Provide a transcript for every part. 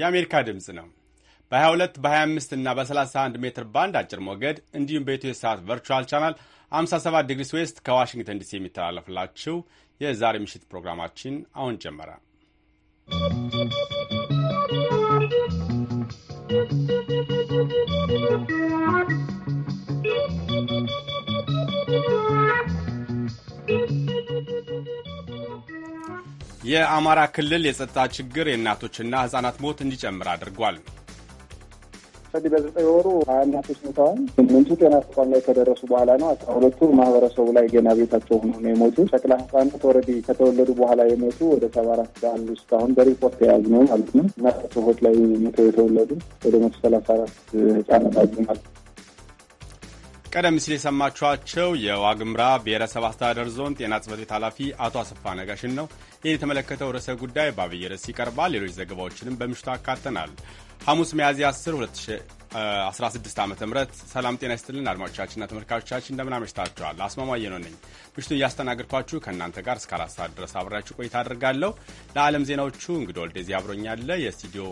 የአሜሪካ ድምፅ ነው። በ22 በ25 እና በ31 ሜትር ባንድ አጭር ሞገድ እንዲሁም በኢትዮ ሰዓት ቨርቹዋል ቻናል 57 ዲግሪስ ዌስት ከዋሽንግተን ዲሲ የሚተላለፍላችሁ የዛሬ ምሽት ፕሮግራማችን አሁን ጀመረ። የአማራ ክልል የጸጥታ ችግር የእናቶችና ህጻናት ሞት እንዲጨምር አድርጓል። እንግዲህ በዘጠኝ ወሩ ሀያ እናቶች ሞተዋል። ስምንቱ ጤና ተቋም ላይ ከደረሱ በኋላ ነው። አስራ ሁለቱ ማህበረሰቡ ላይ ገና ቤታቸው ሆኖ ነው የሞቱ። ጨቅላ ህጻናት ወረዲ ከተወለዱ በኋላ የሞቱ ወደ ሰባ አራት አሉ። እስካሁን በሪፖርት የያዝ ነው ማለት ነው። እናቶች ላይ ሞተው የተወለዱ ወደ መቶ ሰላሳ አራት ህጻናት አሉ ማለት ነው። ቀደም ሲል የሰማችኋቸው የዋግምራ ብሔረሰብ አስተዳደር ዞን ጤና ጽሕፈት ቤት ኃላፊ አቶ አሰፋ ነጋሽን ነው። ይህን የተመለከተው ርዕሰ ጉዳይ በአብይ ርዕስ ይቀርባል። ሌሎች ዘገባዎችንም በምሽቱ አካተናል። ሐሙስ ሚያዝያ 10 2016 ዓ ም ሰላም ጤና ይስጥልን አድማጮቻችንና ተመልካቾቻችን እንደምን አመሽታችኋል። አስማማየ ነው ነኝ ምሽቱን እያስተናገድኳችሁ ከእናንተ ጋር እስከ አራት ሰዓት ድረስ አብሬያችሁ ቆይታ አድርጋለሁ። ለዓለም ዜናዎቹ እንግዲህ ወልደዚ አብሮኛለ። የስቱዲዮ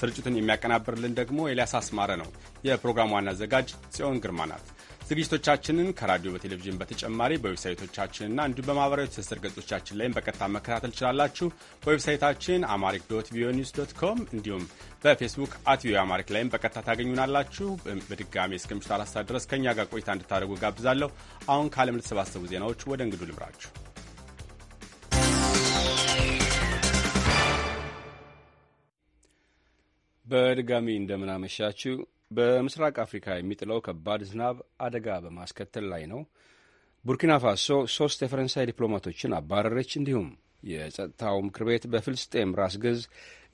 ስርጭቱን የሚያቀናብርልን ደግሞ ኤልያስ አስማረ ነው። የፕሮግራሙ ዋና አዘጋጅ ጽዮን ግርማ ናት። ዝግጅቶቻችንን ከራዲዮ በቴሌቪዥን በተጨማሪ በዌብሳይቶቻችንና እንዲሁም በማህበራዊ ትስስር ገጾቻችን ላይም በቀጥታ መከታተል ትችላላችሁ። በዌብሳይታችን አማሪክ ዶት ቪኦኤ ኒውስ ዶት ኮም እንዲሁም በፌስቡክ አት ቪኦኤ አማሪክ ላይም በቀጥታ ታገኙናላችሁ። በድጋሚ እስከ ምሽቱ አራት ሰዓት ድረስ ከእኛ ጋር ቆይታ እንድታደርጉ ጋብዛለሁ። አሁን ከዓለም ለተሰባሰቡ ዜናዎች ወደ እንግዱ ልምራችሁ። በድጋሚ እንደምናመሻችሁ በምስራቅ አፍሪካ የሚጥለው ከባድ ዝናብ አደጋ በማስከተል ላይ ነው። ቡርኪና ፋሶ ሶስት የፈረንሳይ ዲፕሎማቶችን አባረረች። እንዲሁም የጸጥታው ምክር ቤት በፍልስጤም ራስ ገዝ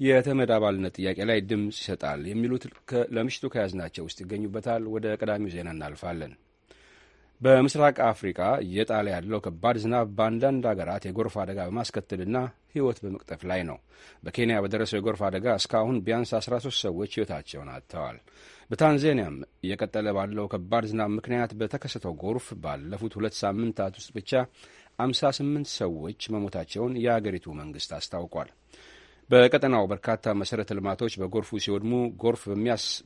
የተመድ አባልነት ጥያቄ ላይ ድምፅ ይሰጣል የሚሉት ለምሽቱ ከያዝናቸው ውስጥ ይገኙበታል። ወደ ቀዳሚው ዜና እናልፋለን። በምስራቅ አፍሪካ እየጣለ ያለው ከባድ ዝናብ በአንዳንድ አገራት የጎርፍ አደጋ በማስከተልና ሕይወት በመቅጠፍ ላይ ነው። በኬንያ በደረሰው የጎርፍ አደጋ እስካሁን ቢያንስ 13 ሰዎች ሕይወታቸውን አጥተዋል። በታንዛኒያም እየቀጠለ ባለው ከባድ ዝናብ ምክንያት በተከሰተው ጎርፍ ባለፉት ሁለት ሳምንታት ውስጥ ብቻ 58 ሰዎች መሞታቸውን የአገሪቱ መንግሥት አስታውቋል። በቀጠናው በርካታ መሠረተ ልማቶች በጎርፉ ሲወድሙ ጎርፍ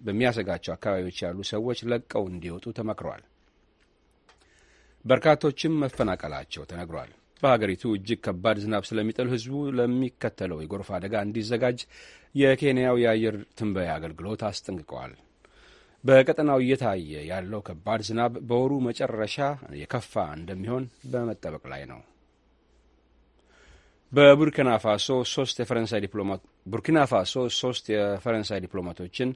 በሚያሰጋቸው አካባቢዎች ያሉ ሰዎች ለቀው እንዲወጡ ተመክረዋል። በርካቶችም መፈናቀላቸው ተነግሯል። በሀገሪቱ እጅግ ከባድ ዝናብ ስለሚጥል ህዝቡ ለሚከተለው የጎርፍ አደጋ እንዲዘጋጅ የኬንያው የአየር ትንበያ አገልግሎት አስጠንቅቀዋል። በቀጠናው እየታየ ያለው ከባድ ዝናብ በወሩ መጨረሻ የከፋ እንደሚሆን በመጠበቅ ላይ ነው። በቡርኪና ፋሶ ሶስት የፈረንሳይ ዲፕሎማት ቡርኪና ፋሶ ሶስት የፈረንሳይ ዲፕሎማቶችን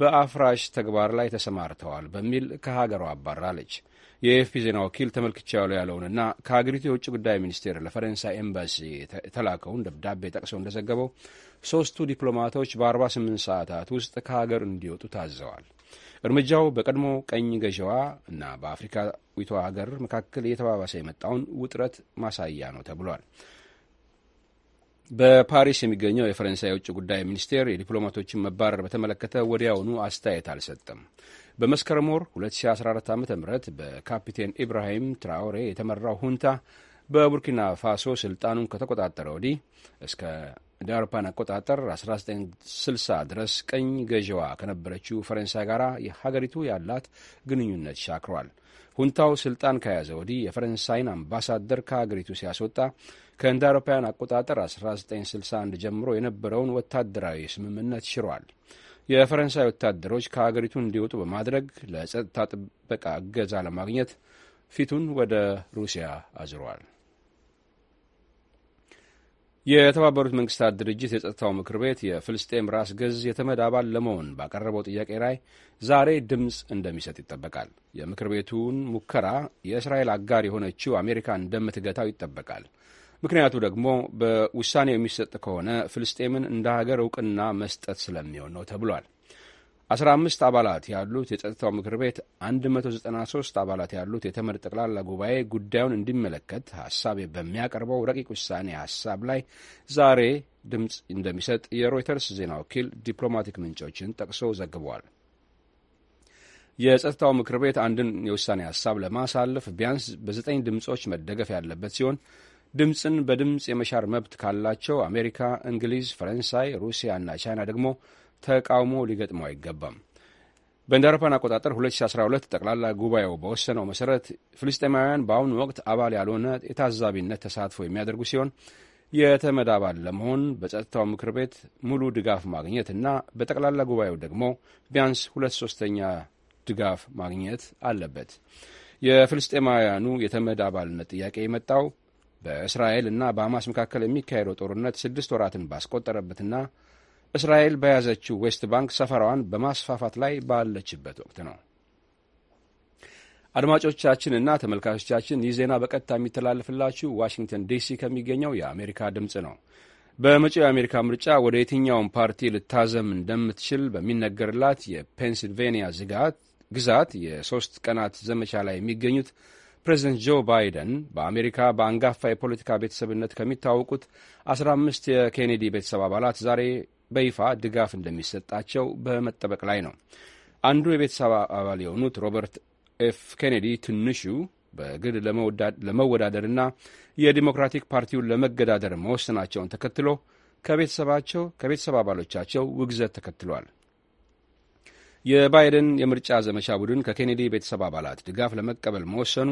በአፍራሽ ተግባር ላይ ተሰማርተዋል በሚል ከሀገሯ አባራለች። የኤፍፒ ዜና ወኪል ተመልክቻለሁ ያለውንና ከሀገሪቱ የውጭ ጉዳይ ሚኒስቴር ለፈረንሳይ ኤምባሲ የተላከውን ደብዳቤ ጠቅሰው እንደዘገበው ሶስቱ ዲፕሎማቶች በ48 ሰዓታት ውስጥ ከሀገር እንዲወጡ ታዘዋል። እርምጃው በቀድሞ ቀኝ ገዢዋ እና በአፍሪካዊቷ ሀገር መካከል እየተባባሰ የመጣውን ውጥረት ማሳያ ነው ተብሏል። በፓሪስ የሚገኘው የፈረንሳይ የውጭ ጉዳይ ሚኒስቴር የዲፕሎማቶችን መባረር በተመለከተ ወዲያውኑ አስተያየት አልሰጠም። በመስከረም ወር 2014 ዓ ም በካፒቴን ኢብራሂም ትራውሬ የተመራው ሁንታ በቡርኪና ፋሶ ስልጣኑን ከተቆጣጠረ ወዲህ እስከ ዳርፓን አቆጣጠር 1960 ድረስ ቀኝ ገዢዋ ከነበረችው ፈረንሳይ ጋር ሀገሪቱ ያላት ግንኙነት ሻክሯል። ሁንታው ስልጣን ከያዘ ወዲህ የፈረንሳይን አምባሳደር ከሀገሪቱ ሲያስወጣ ከእንደ አውሮፓውያን አቆጣጠር 1961 ጀምሮ የነበረውን ወታደራዊ ስምምነት ሽሯል። የፈረንሳይ ወታደሮች ከሀገሪቱ እንዲወጡ በማድረግ ለጸጥታ ጥበቃ እገዛ ለማግኘት ፊቱን ወደ ሩሲያ አዝሯል። የተባበሩት መንግስታት ድርጅት የጸጥታው ምክር ቤት የፍልስጤም ራስ ገዝ የተመድ አባል ለመሆን ባቀረበው ጥያቄ ላይ ዛሬ ድምፅ እንደሚሰጥ ይጠበቃል። የምክር ቤቱን ሙከራ የእስራኤል አጋር የሆነችው አሜሪካ እንደምትገታው ይጠበቃል። ምክንያቱ ደግሞ በውሳኔው የሚሰጥ ከሆነ ፍልስጤምን እንደ ሀገር እውቅና መስጠት ስለሚሆን ነው ተብሏል። 15 አባላት ያሉት የጸጥታው ምክር ቤት 193 አባላት ያሉት የተመድ ጠቅላላ ጉባኤ ጉዳዩን እንዲመለከት ሀሳብ በሚያቀርበው ረቂቅ ውሳኔ ሀሳብ ላይ ዛሬ ድምፅ እንደሚሰጥ የሮይተርስ ዜና ወኪል ዲፕሎማቲክ ምንጮችን ጠቅሶ ዘግቧል። የጸጥታው ምክር ቤት አንድን የውሳኔ ሀሳብ ለማሳለፍ ቢያንስ በዘጠኝ ድምፆች መደገፍ ያለበት ሲሆን ድምፅን በድምፅ የመሻር መብት ካላቸው አሜሪካ፣ እንግሊዝ፣ ፈረንሳይ፣ ሩሲያ እና ቻይና ደግሞ ተቃውሞ ሊገጥመው አይገባም። በእንደ አቆጣጠር 2012 ጠቅላላ ጉባኤው በወሰነው መሠረት ፍልስጤማውያን በአሁኑ ወቅት አባል ያልሆነ የታዛቢነት ተሳትፎ የሚያደርጉ ሲሆን የተመድ አባል ለመሆን በጸጥታው ምክር ቤት ሙሉ ድጋፍ ማግኘት እና በጠቅላላ ጉባኤው ደግሞ ቢያንስ ሁለት ሶስተኛ ድጋፍ ማግኘት አለበት። የፍልስጤማውያኑ የተመድ አባልነት ጥያቄ የመጣው በእስራኤል እና በሐማስ መካከል የሚካሄደው ጦርነት ስድስት ወራትን ባስቆጠረበትና እስራኤል በያዘችው ዌስት ባንክ ሰፈራዋን በማስፋፋት ላይ ባለችበት ወቅት ነው። አድማጮቻችንና ተመልካቾቻችን ይህ ዜና በቀጥታ የሚተላለፍላችሁ ዋሽንግተን ዲሲ ከሚገኘው የአሜሪካ ድምፅ ነው። በመጪው የአሜሪካ ምርጫ ወደ የትኛውም ፓርቲ ልታዘም እንደምትችል በሚነገርላት የፔንስልቬንያ ግዛት የሶስት ቀናት ዘመቻ ላይ የሚገኙት ፕሬዚደንት ጆ ባይደን በአሜሪካ በአንጋፋ የፖለቲካ ቤተሰብነት ከሚታወቁት 15 የኬኔዲ ቤተሰብ አባላት ዛሬ በይፋ ድጋፍ እንደሚሰጣቸው በመጠበቅ ላይ ነው። አንዱ የቤተሰብ አባል የሆኑት ሮበርት ኤፍ ኬኔዲ ትንሹ በግል ለመወዳደርና የዲሞክራቲክ ፓርቲውን ለመገዳደር መወሰናቸውን ተከትሎ ከቤተሰባቸው ከቤተሰብ አባሎቻቸው ውግዘት ተከትሏል። የባይደን የምርጫ ዘመቻ ቡድን ከኬኔዲ ቤተሰብ አባላት ድጋፍ ለመቀበል መወሰኑ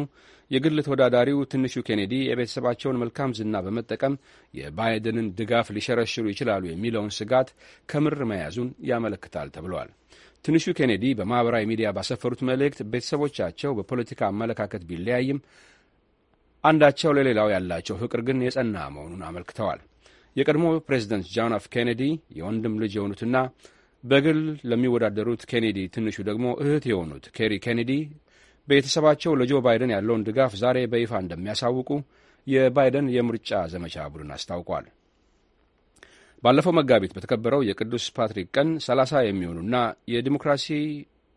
የግል ተወዳዳሪው ትንሹ ኬኔዲ የቤተሰባቸውን መልካም ዝና በመጠቀም የባይደንን ድጋፍ ሊሸረሽሩ ይችላሉ የሚለውን ስጋት ከምር መያዙን ያመለክታል ተብሏል። ትንሹ ኬኔዲ በማኅበራዊ ሚዲያ ባሰፈሩት መልእክት ቤተሰቦቻቸው በፖለቲካ አመለካከት ቢለያይም አንዳቸው ለሌላው ያላቸው ፍቅር ግን የጸና መሆኑን አመልክተዋል። የቀድሞ ፕሬዚደንት ጆን ኤፍ ኬኔዲ የወንድም ልጅ የሆኑትና በግል ለሚወዳደሩት ኬኔዲ ትንሹ ደግሞ እህት የሆኑት ኬሪ ኬኔዲ ቤተሰባቸው ለጆ ባይደን ያለውን ድጋፍ ዛሬ በይፋ እንደሚያሳውቁ የባይደን የምርጫ ዘመቻ ቡድን አስታውቋል። ባለፈው መጋቢት በተከበረው የቅዱስ ፓትሪክ ቀን 30 የሚሆኑና የዲሞክራሲ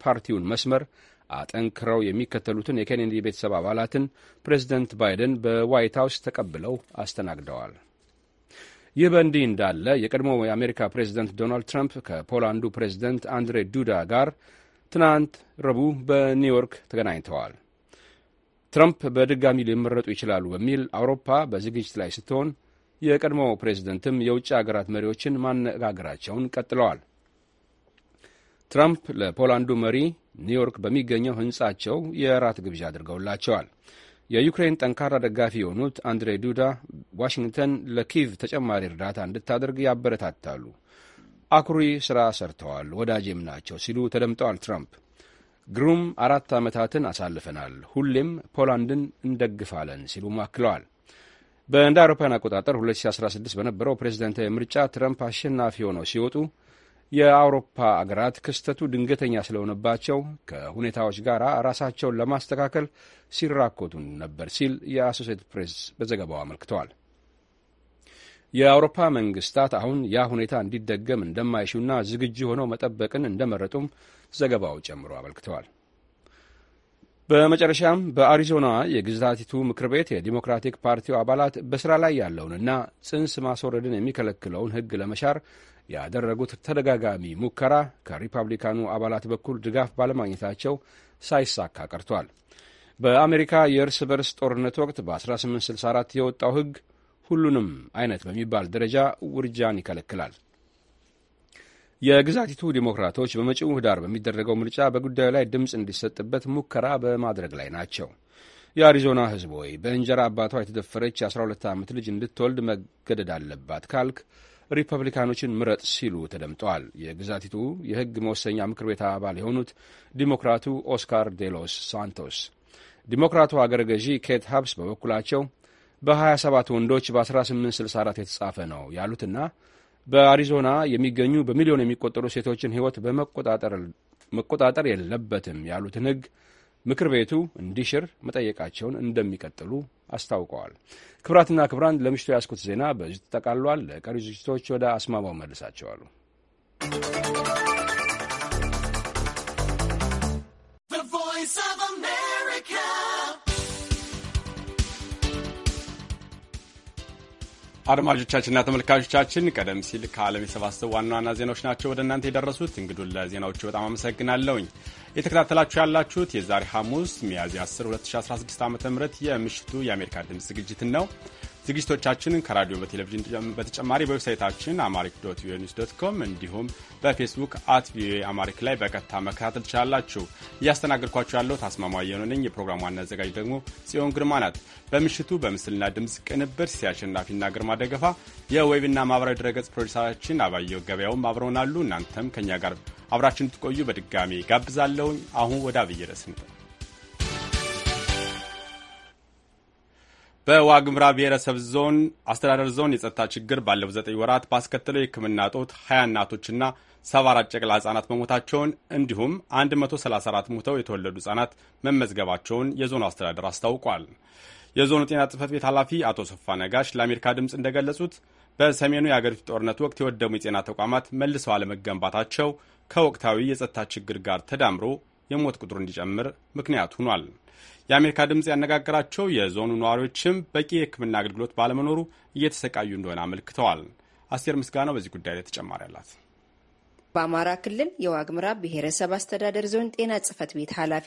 ፓርቲውን መስመር አጠንክረው የሚከተሉትን የኬኔዲ ቤተሰብ አባላትን ፕሬዚደንት ባይደን በዋይት ሀውስ ተቀብለው አስተናግደዋል። ይህ በእንዲህ እንዳለ የቀድሞው የአሜሪካ ፕሬዚደንት ዶናልድ ትራምፕ ከፖላንዱ ፕሬዚደንት አንድሬ ዱዳ ጋር ትናንት ረቡዕ በኒውዮርክ ተገናኝተዋል። ትራምፕ በድጋሚ ሊመረጡ ይችላሉ በሚል አውሮፓ በዝግጅት ላይ ስትሆን የቀድሞው ፕሬዚደንትም የውጭ አገራት መሪዎችን ማነጋገራቸውን ቀጥለዋል። ትራምፕ ለፖላንዱ መሪ ኒውዮርክ በሚገኘው ሕንጻቸው የራት ግብዣ አድርገውላቸዋል። የዩክሬን ጠንካራ ደጋፊ የሆኑት አንድሬ ዱዳ ዋሽንግተን ለኪቭ ተጨማሪ እርዳታ እንድታደርግ ያበረታታሉ። አኩሪ ሥራ ሰርተዋል፣ ወዳጄም ናቸው ሲሉ ተደምጠዋል ትራምፕ። ግሩም አራት ዓመታትን አሳልፈናል፣ ሁሌም ፖላንድን እንደግፋለን ሲሉ አክለዋል። በእንደ አውሮፓውያን አቆጣጠር 2016 በነበረው ፕሬዝደንታዊ ምርጫ ትራምፕ አሸናፊ ሆነው ሲወጡ የአውሮፓ አገራት ክስተቱ ድንገተኛ ስለሆነባቸው ከሁኔታዎች ጋር ራሳቸውን ለማስተካከል ሲራኮቱን ነበር ሲል የአሶሴትድ ፕሬስ በዘገባው አመልክተዋል። የአውሮፓ መንግስታት አሁን ያ ሁኔታ እንዲደገም እንደማይሹና ዝግጁ ሆነው መጠበቅን እንደመረጡም ዘገባው ጨምሮ አመልክተዋል። በመጨረሻም በአሪዞና የግዛቲቱ ምክር ቤት የዲሞክራቲክ ፓርቲው አባላት በሥራ ላይ ያለውንና ጽንስ ማስወረድን የሚከለክለውን ሕግ ለመሻር ያደረጉት ተደጋጋሚ ሙከራ ከሪፐብሊካኑ አባላት በኩል ድጋፍ ባለማግኘታቸው ሳይሳካ ቀርቷል። በአሜሪካ የእርስ በርስ ጦርነት ወቅት በ1864 የወጣው ሕግ ሁሉንም አይነት በሚባል ደረጃ ውርጃን ይከለክላል። የግዛቲቱ ዲሞክራቶች በመጪው ህዳር በሚደረገው ምርጫ በጉዳዩ ላይ ድምፅ እንዲሰጥበት ሙከራ በማድረግ ላይ ናቸው። የአሪዞና ህዝብ ሆይ በእንጀራ አባቷ የተደፈረች የ12 ዓመት ልጅ እንድትወልድ መገደድ አለባት ካልክ ሪፐብሊካኖችን ምረጥ ሲሉ ተደምጠዋል። የግዛቲቱ የህግ መወሰኛ ምክር ቤት አባል የሆኑት ዲሞክራቱ ኦስካር ዴሎስ ሳንቶስ፣ ዲሞክራቱ አገረ ገዢ ኬት ሀብስ በበኩላቸው በ27 ወንዶች በ1864 የተጻፈ ነው ያሉትና በአሪዞና የሚገኙ በሚሊዮን የሚቆጠሩ ሴቶችን ህይወት በመቆጣጠር የለበትም ያሉትን ህግ። ምክር ቤቱ እንዲሽር መጠየቃቸውን እንደሚቀጥሉ አስታውቀዋል። ክብራትና ክብራን ለምሽቱ ያስኩት ዜና በዚህ ተጠቃልሏል። ለቀሪ ዝግጅቶች ወደ አስማማው መልሳቸዋሉ። አድማጮቻችንና ተመልካቾቻችን ቀደም ሲል ከዓለም የሰባሰቡ ዋና ዋና ዜናዎች ናቸው ወደ እናንተ የደረሱት። እንግዱን ለዜናዎቹ በጣም አመሰግናለሁኝ። የተከታተላችሁ ያላችሁት የዛሬ ሐሙስ ሚያዝያ 10 2016 ዓ ም የምሽቱ የአሜሪካ ድምፅ ዝግጅትን ነው። ዝግጅቶቻችን ከራዲዮ በቴሌቪዥን በተጨማሪ በዌብሳይታችን አማሪክ ዶት ቪኦኤ ኒውስ ዶት ኮም እንዲሁም በፌስቡክ አት ቪኦኤ አማሪክ ላይ በቀጥታ መከታተል ትችላላችሁ። እያስተናገድኳችሁ ያለው ታስማማየ ነኝ። የፕሮግራም ዋና አዘጋጅ ደግሞ ጽዮን ግርማ ናት። በምሽቱ በምስልና ድምፅ ቅንብር ሲያሸናፊና ግርማ ደገፋ፣ የዌብና ማህበራዊ ድረገጽ ፕሮዲሰራችን አባየው ገበያውም አብረውናሉ። እናንተም ከእኛ ጋር አብራችን ትቆዩ በድጋሚ ጋብዛለሁኝ። አሁን ወደ አብይ ርዕስ በዋግምራ ብሔረሰብ ዞን አስተዳደር ዞን የጸጥታ ችግር ባለው ዘጠኝ ወራት ባስከተለው የሕክምና እጦት ሀያ እናቶችና ሰባ ጨቅላ ህጻናት መሞታቸውን እንዲሁም 134 ሞተው የተወለዱ ህጻናት መመዝገባቸውን የዞኑ አስተዳደር አስታውቋል። የዞኑ ጤና ጽህፈት ቤት ኃላፊ አቶ ሰፋ ነጋሽ ለአሜሪካ ድምፅ እንደገለጹት በሰሜኑ የአገሪቱ ጦርነት ወቅት የወደሙ የጤና ተቋማት መልሰው አለመገንባታቸው ከወቅታዊ የጸጥታ ችግር ጋር ተዳምሮ የሞት ቁጥሩ እንዲጨምር ምክንያት ሆኗል። የአሜሪካ ድምፅ ያነጋገራቸው የዞኑ ነዋሪዎችም በቂ የሕክምና አገልግሎት ባለመኖሩ እየተሰቃዩ እንደሆነ አመልክተዋል። አስቴር ምስጋናው በዚህ ጉዳይ ላይ ተጨማሪ አላት። በአማራ ክልል የዋግ ምራብ ብሔረሰብ አስተዳደር ዞን ጤና ጽህፈት ቤት ኃላፊ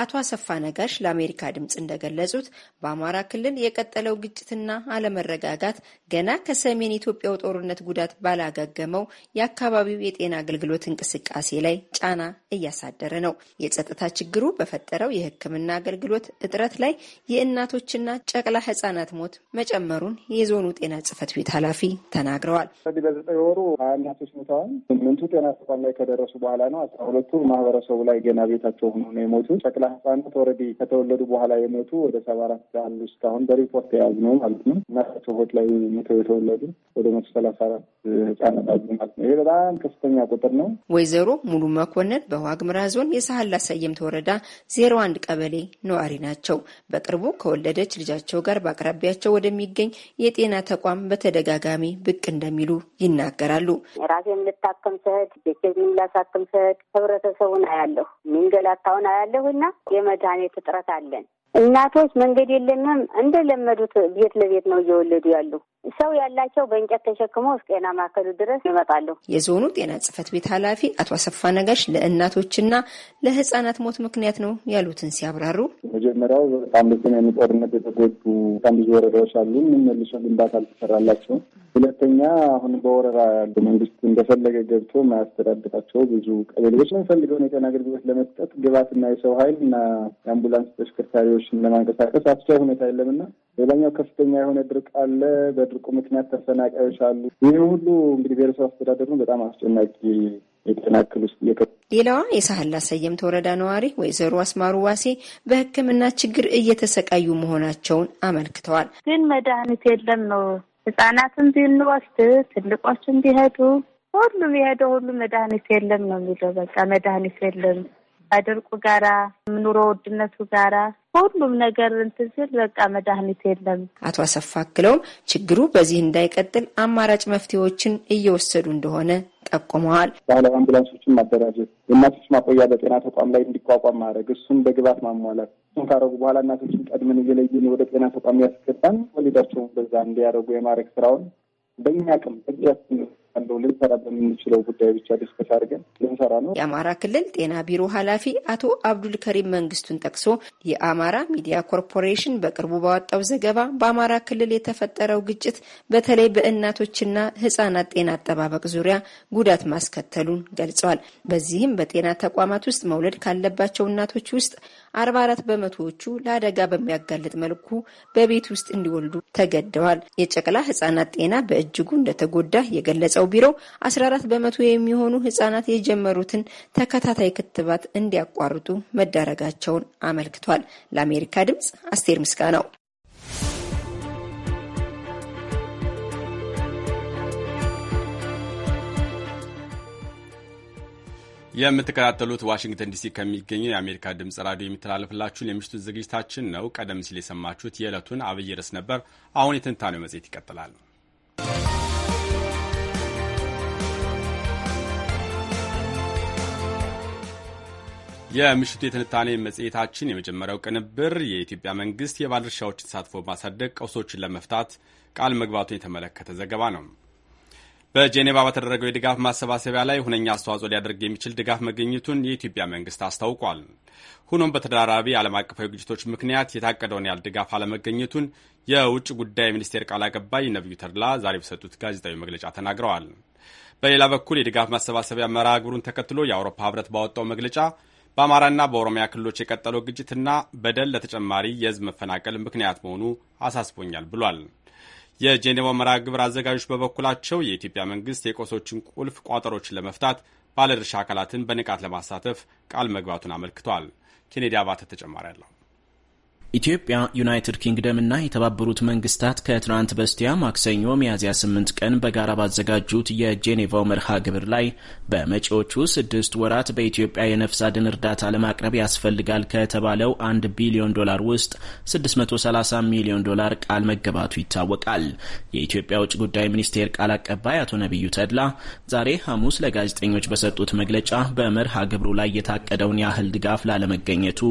አቶ አሰፋ ነጋሽ ለአሜሪካ ድምፅ እንደገለጹት በአማራ ክልል የቀጠለው ግጭትና አለመረጋጋት ገና ከሰሜን ኢትዮጵያው ጦርነት ጉዳት ባላገገመው የአካባቢው የጤና አገልግሎት እንቅስቃሴ ላይ ጫና እያሳደረ ነው። የጸጥታ ችግሩ በፈጠረው የሕክምና አገልግሎት እጥረት ላይ የእናቶችና ጨቅላ ህጻናት ሞት መጨመሩን የዞኑ ጤና ጽህፈት ቤት ኃላፊ ተናግረዋል። በዘጠኝ ወሩ ሀያ እናቶች ሞተዋል። ስምንቱ ጤና አስፋም ላይ ከደረሱ በኋላ ነው። አስራ ሁለቱ ማህበረሰቡ ላይ ገና ቤታቸው ሆኖ ነው የሞቱ። ጨቅላ ህጻናት ወረዲ ከተወለዱ በኋላ የሞቱ ወደ ሰባ አራት ያሉ እስካሁን በሪፖርት የያዝ ነው ማለት ነው። እናታቸው ሆድ ላይ ሞተው የተወለዱ ወደ መቶ ሰላሳ አራት ህጻናት አሉ ማለት ነው። ይሄ በጣም ከፍተኛ ቁጥር ነው። ወይዘሮ ሙሉ መኮንን በዋግምራ ዞን የሳህላ ሰየምት ወረዳ ዜሮ አንድ ቀበሌ ነዋሪ ናቸው። በቅርቡ ከወለደች ልጃቸው ጋር በአቅራቢያቸው ወደሚገኝ የጤና ተቋም በተደጋጋሚ ብቅ እንደሚሉ ይናገራሉ። ራሴ የምልታከም ስሄድ ቤቴ የሚላሳክም ህብረተሰቡን አያለሁ ሚንገላታውን አያለሁ እና የመድኃኒት እጥረት አለን። እናቶች መንገድ የለንም እንደለመዱት ቤት ለቤት ነው እየወለዱ ያሉ። ሰው ያላቸው በእንጨት ተሸክሞ እስከ ጤና ማዕከሉ ድረስ ይመጣሉ። የዞኑ ጤና ጽሕፈት ቤት ኃላፊ አቶ አሰፋ ነጋሽ ለእናቶችና ለህጻናት ሞት ምክንያት ነው ያሉትን ሲያብራሩ መጀመሪያው በጣም በሰሜኑ ጦርነት የተጎዱ በጣም ብዙ ወረዳዎች አሉ። መልሶ ግንባታ አልተሰራላቸው። ሁለተኛ አሁን በወረራ ያሉ መንግስት እንደፈለገ ገብቶ ማያስተዳድራቸው ብዙ ቀበሌዎች ምንፈልገውን የጤና አገልግሎት ለመስጠት ግባትና የሰው ኃይል እና የአምቡላንስ ተሽከርካሪዎች ሰዎችን ለማንቀሳቀስ አስቻይ ሁኔታ የለምና ሌላኛው ከፍተኛ የሆነ ድርቅ አለ። በድርቁ ምክንያት ተፈናቃዮች አሉ። ይህ ሁሉ እንግዲህ ብሔረሰብ አስተዳደሩ በጣም አስጨናቂ የጤና እክል ውስጥ እየቀ ሌላዋ የሳህል ሰየምት ወረዳ ነዋሪ ወይዘሮ አስማሩ ዋሴ በሕክምና ችግር እየተሰቃዩ መሆናቸውን አመልክተዋል። ግን መድኃኒት የለም ነው ህጻናትን ቢንወስድ ትልቆችን ቢሄዱ ሁሉም የሄደው ሁሉ መድኃኒት የለም ነው የሚለው። በቃ መድኃኒት የለም አደርቁ ጋራ ኑሮ ውድነቱ ጋራ ሁሉም ነገር እንትን ሲል በቃ መድኃኒት የለም። አቶ አሰፋ አክለውም ችግሩ በዚህ እንዳይቀጥል አማራጭ መፍትሄዎችን እየወሰዱ እንደሆነ ጠቁመዋል። ባህላዊ አምቡላንሶችን ማደራጀት፣ የእናቶች ማቆያ በጤና ተቋም ላይ እንዲቋቋም ማድረግ፣ እሱን በግብዓት ማሟላት፣ እሱን ካረጉ በኋላ እናቶችን ቀድምን እየለየን ወደ ጤና ተቋም ያስገባን ወሊዳቸውን በዛ እንዲያደርጉ የማድረግ ስራውን በእኛ አቅም አንዱ ልንሰራ በምንችለው ጉዳይ ብቻ ዲስከስ አድርገን ልንሰራ ነው። የአማራ ክልል ጤና ቢሮ ኃላፊ አቶ አብዱልከሪም መንግስቱን ጠቅሶ የአማራ ሚዲያ ኮርፖሬሽን በቅርቡ ባወጣው ዘገባ በአማራ ክልል የተፈጠረው ግጭት በተለይ በእናቶችና ህጻናት ጤና አጠባበቅ ዙሪያ ጉዳት ማስከተሉን ገልጸዋል። በዚህም በጤና ተቋማት ውስጥ መውለድ ካለባቸው እናቶች ውስጥ 44 በመቶዎቹ ለአደጋ በሚያጋልጥ መልኩ በቤት ውስጥ እንዲወልዱ ተገደዋል። የጨቅላ ህጻናት ጤና በእጅጉ እንደተጎዳ የገለጸው ቢሮው 14 በመቶ የሚሆኑ ህጻናት የጀመሩትን ተከታታይ ክትባት እንዲያቋርጡ መዳረጋቸውን አመልክቷል። ለአሜሪካ ድምጽ አስቴር ምስጋ ነው። የምትከታተሉት ዋሽንግተን ዲሲ ከሚገኘው የአሜሪካ ድምፅ ራዲዮ የሚተላለፍላችሁን የምሽቱን ዝግጅታችን ነው። ቀደም ሲል የሰማችሁት የዕለቱን አብይ ርዕስ ነበር። አሁን የትንታኔው መጽሔት ይቀጥላል። የምሽቱ የትንታኔ መጽሔታችን የመጀመሪያው ቅንብር የኢትዮጵያ መንግስት የባለድርሻዎችን ተሳትፎ ማሳደግ ቀውሶችን ለመፍታት ቃል መግባቱን የተመለከተ ዘገባ ነው። በጄኔቫ በተደረገው የድጋፍ ማሰባሰቢያ ላይ ሁነኛ አስተዋጽኦ ሊያደርግ የሚችል ድጋፍ መገኘቱን የኢትዮጵያ መንግስት አስታውቋል። ሆኖም በተደራራቢ ዓለም አቀፋዊ ግጭቶች ምክንያት የታቀደውን ያህል ድጋፍ አለመገኘቱን የውጭ ጉዳይ ሚኒስቴር ቃል አቀባይ ነቢዩ ተድላ ዛሬ በሰጡት ጋዜጣዊ መግለጫ ተናግረዋል። በሌላ በኩል የድጋፍ ማሰባሰቢያ መርሃ ግብሩን ተከትሎ የአውሮፓ ህብረት ባወጣው መግለጫ በአማራና በኦሮሚያ ክልሎች የቀጠለው ግጭትና በደል ለተጨማሪ የህዝብ መፈናቀል ምክንያት መሆኑ አሳስቦኛል ብሏል። የጄኔቫ መርሃ ግብር አዘጋጆች በበኩላቸው የኢትዮጵያ መንግስት የቆሶችን ቁልፍ ቋጠሮችን ለመፍታት ባለድርሻ አካላትን በንቃት ለማሳተፍ ቃል መግባቱን አመልክቷል። ኬኔዲ አባተ ተጨማሪ አለው። ኢትዮጵያ፣ ዩናይትድ ኪንግደም እና የተባበሩት መንግስታት ከትናንት በስቲያ ማክሰኞ ሚያዝያ 8 ቀን በጋራ ባዘጋጁት የጄኔቫው መርሃ ግብር ላይ በመጪዎቹ ስድስት ወራት በኢትዮጵያ የነፍስ አድን እርዳታ ለማቅረብ ያስፈልጋል ከተባለው አንድ ቢሊዮን ዶላር ውስጥ 630 ሚሊዮን ዶላር ቃል መገባቱ ይታወቃል። የኢትዮጵያ ውጭ ጉዳይ ሚኒስቴር ቃል አቀባይ አቶ ነቢዩ ተድላ ዛሬ ሐሙስ ለጋዜጠኞች በሰጡት መግለጫ በመርሃ ግብሩ ላይ የታቀደውን ያህል ድጋፍ ላለመገኘቱ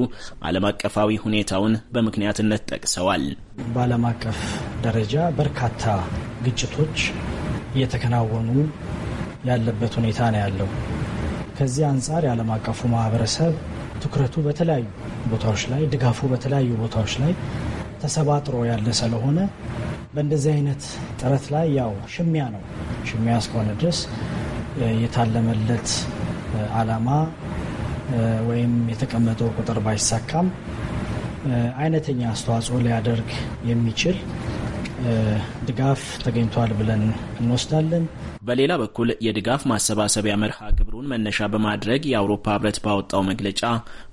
ዓለም አቀፋዊ ሁኔታውን በምክንያትነት ጠቅሰዋል። በዓለም አቀፍ ደረጃ በርካታ ግጭቶች እየተከናወኑ ያለበት ሁኔታ ነው ያለው። ከዚህ አንጻር የዓለም አቀፉ ማህበረሰብ ትኩረቱ በተለያዩ ቦታዎች ላይ ድጋፉ በተለያዩ ቦታዎች ላይ ተሰባጥሮ ያለ ስለሆነ በእንደዚህ አይነት ጥረት ላይ ያው ሽሚያ ነው። ሽሚያ እስከሆነ ድረስ የታለመለት ዓላማ ወይም የተቀመጠው ቁጥር ባይሳካም አይነተኛ አስተዋጽኦ ሊያደርግ የሚችል ድጋፍ ተገኝቷል ብለን እንወስዳለን። በሌላ በኩል የድጋፍ ማሰባሰቢያ መርሃ ግብሩን መነሻ በማድረግ የአውሮፓ ህብረት ባወጣው መግለጫ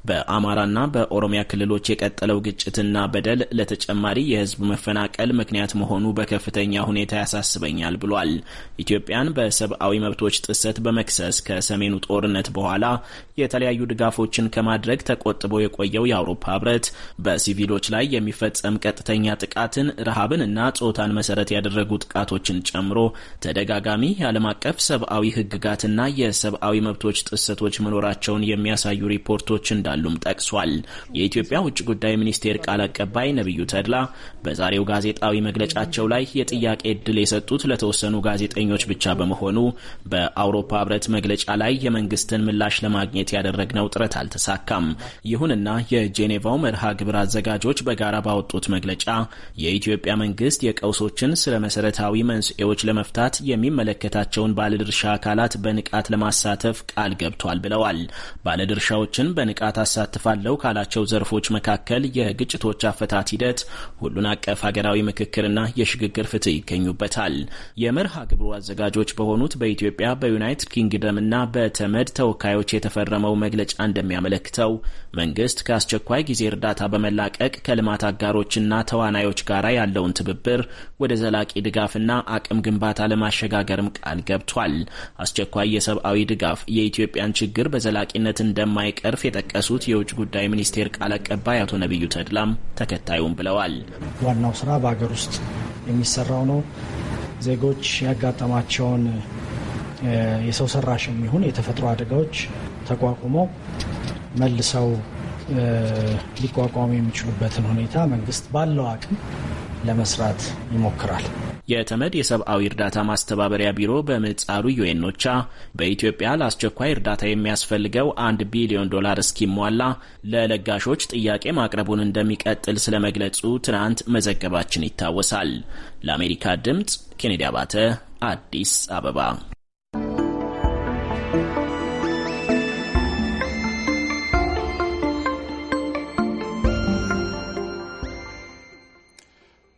በአማራና በኦሮሚያ ክልሎች የቀጠለው ግጭትና በደል ለተጨማሪ የህዝብ መፈናቀል ምክንያት መሆኑ በከፍተኛ ሁኔታ ያሳስበኛል ብሏል። ኢትዮጵያን በሰብአዊ መብቶች ጥሰት በመክሰስ ከሰሜኑ ጦርነት በኋላ የተለያዩ ድጋፎችን ከማድረግ ተቆጥቦ የቆየው የአውሮፓ ህብረት በሲቪሎች ላይ የሚፈጸም ቀጥተኛ ጥቃትን፣ ረሃብን እና ጾታን መሰረት ያደረጉ ጥቃቶችን ጨምሮ ተደጋጋሚ የዓለም አቀፍ ሰብአዊ ህግጋትና የሰብአዊ መብቶች ጥሰቶች መኖራቸውን የሚያሳዩ ሪፖርቶች እንዳሉ እንዳሉም ጠቅሷል። የኢትዮጵያ ውጭ ጉዳይ ሚኒስቴር ቃል አቀባይ ነቢዩ ተድላ በዛሬው ጋዜጣዊ መግለጫቸው ላይ የጥያቄ እድል የሰጡት ለተወሰኑ ጋዜጠኞች ብቻ በመሆኑ በአውሮፓ ህብረት መግለጫ ላይ የመንግስትን ምላሽ ለማግኘት ያደረግነው ጥረት አልተሳካም። ይሁንና የጄኔቫው መርሃ ግብር አዘጋጆች በጋራ ባወጡት መግለጫ የኢትዮጵያ መንግስት የቀውሶችን ስለ መሰረታዊ መንስኤዎች ለመፍታት የሚመለከታቸውን ባለድርሻ አካላት በንቃት ለማሳተፍ ቃል ገብቷል ብለዋል። ባለድርሻዎችን በንቃት አሳትፋለሁ ካላቸው ዘርፎች መካከል የግጭቶች አፈታት ሂደት፣ ሁሉን አቀፍ ሀገራዊ ምክክርና የሽግግር ፍትህ ይገኙበታል። የመርሃ ግብሩ አዘጋጆች በሆኑት በኢትዮጵያ በዩናይትድ ኪንግደምና በተመድ ተወካዮች የተፈረመው መግለጫ እንደሚያመለክተው መንግስት ከአስቸኳይ ጊዜ እርዳታ በመላቀቅ ከልማት አጋሮችና ተዋናዮች ጋር ያለውን ትብብር ወደ ዘላቂ ድጋፍና አቅም ግንባታ ለማሸጋገርም ቃል ገብቷል። አስቸኳይ የሰብአዊ ድጋፍ የኢትዮጵያን ችግር በዘላቂነት እንደማይቀርፍ የጠቀሱት የውጭ ጉዳይ ሚኒስቴር ቃል አቀባይ አቶ ነቢዩ ተድላም ተከታዩም ብለዋል። ዋናው ስራ በሀገር ውስጥ የሚሰራው ነው። ዜጎች ያጋጠማቸውን የሰው ሰራሽ የሚሆን የተፈጥሮ አደጋዎች ተቋቁመው መልሰው ሊቋቋሙ የሚችሉበትን ሁኔታ መንግስት ባለው አቅም ለመስራት ይሞክራል። የተመድ የሰብአዊ እርዳታ ማስተባበሪያ ቢሮ በምህጻሩ ዩኤኖቻ በኢትዮጵያ ለአስቸኳይ እርዳታ የሚያስፈልገው አንድ ቢሊዮን ዶላር እስኪሟላ ለለጋሾች ጥያቄ ማቅረቡን እንደሚቀጥል ስለመግለጹ ትናንት መዘገባችን ይታወሳል። ለአሜሪካ ድምፅ ኬኔዲ አባተ አዲስ አበባ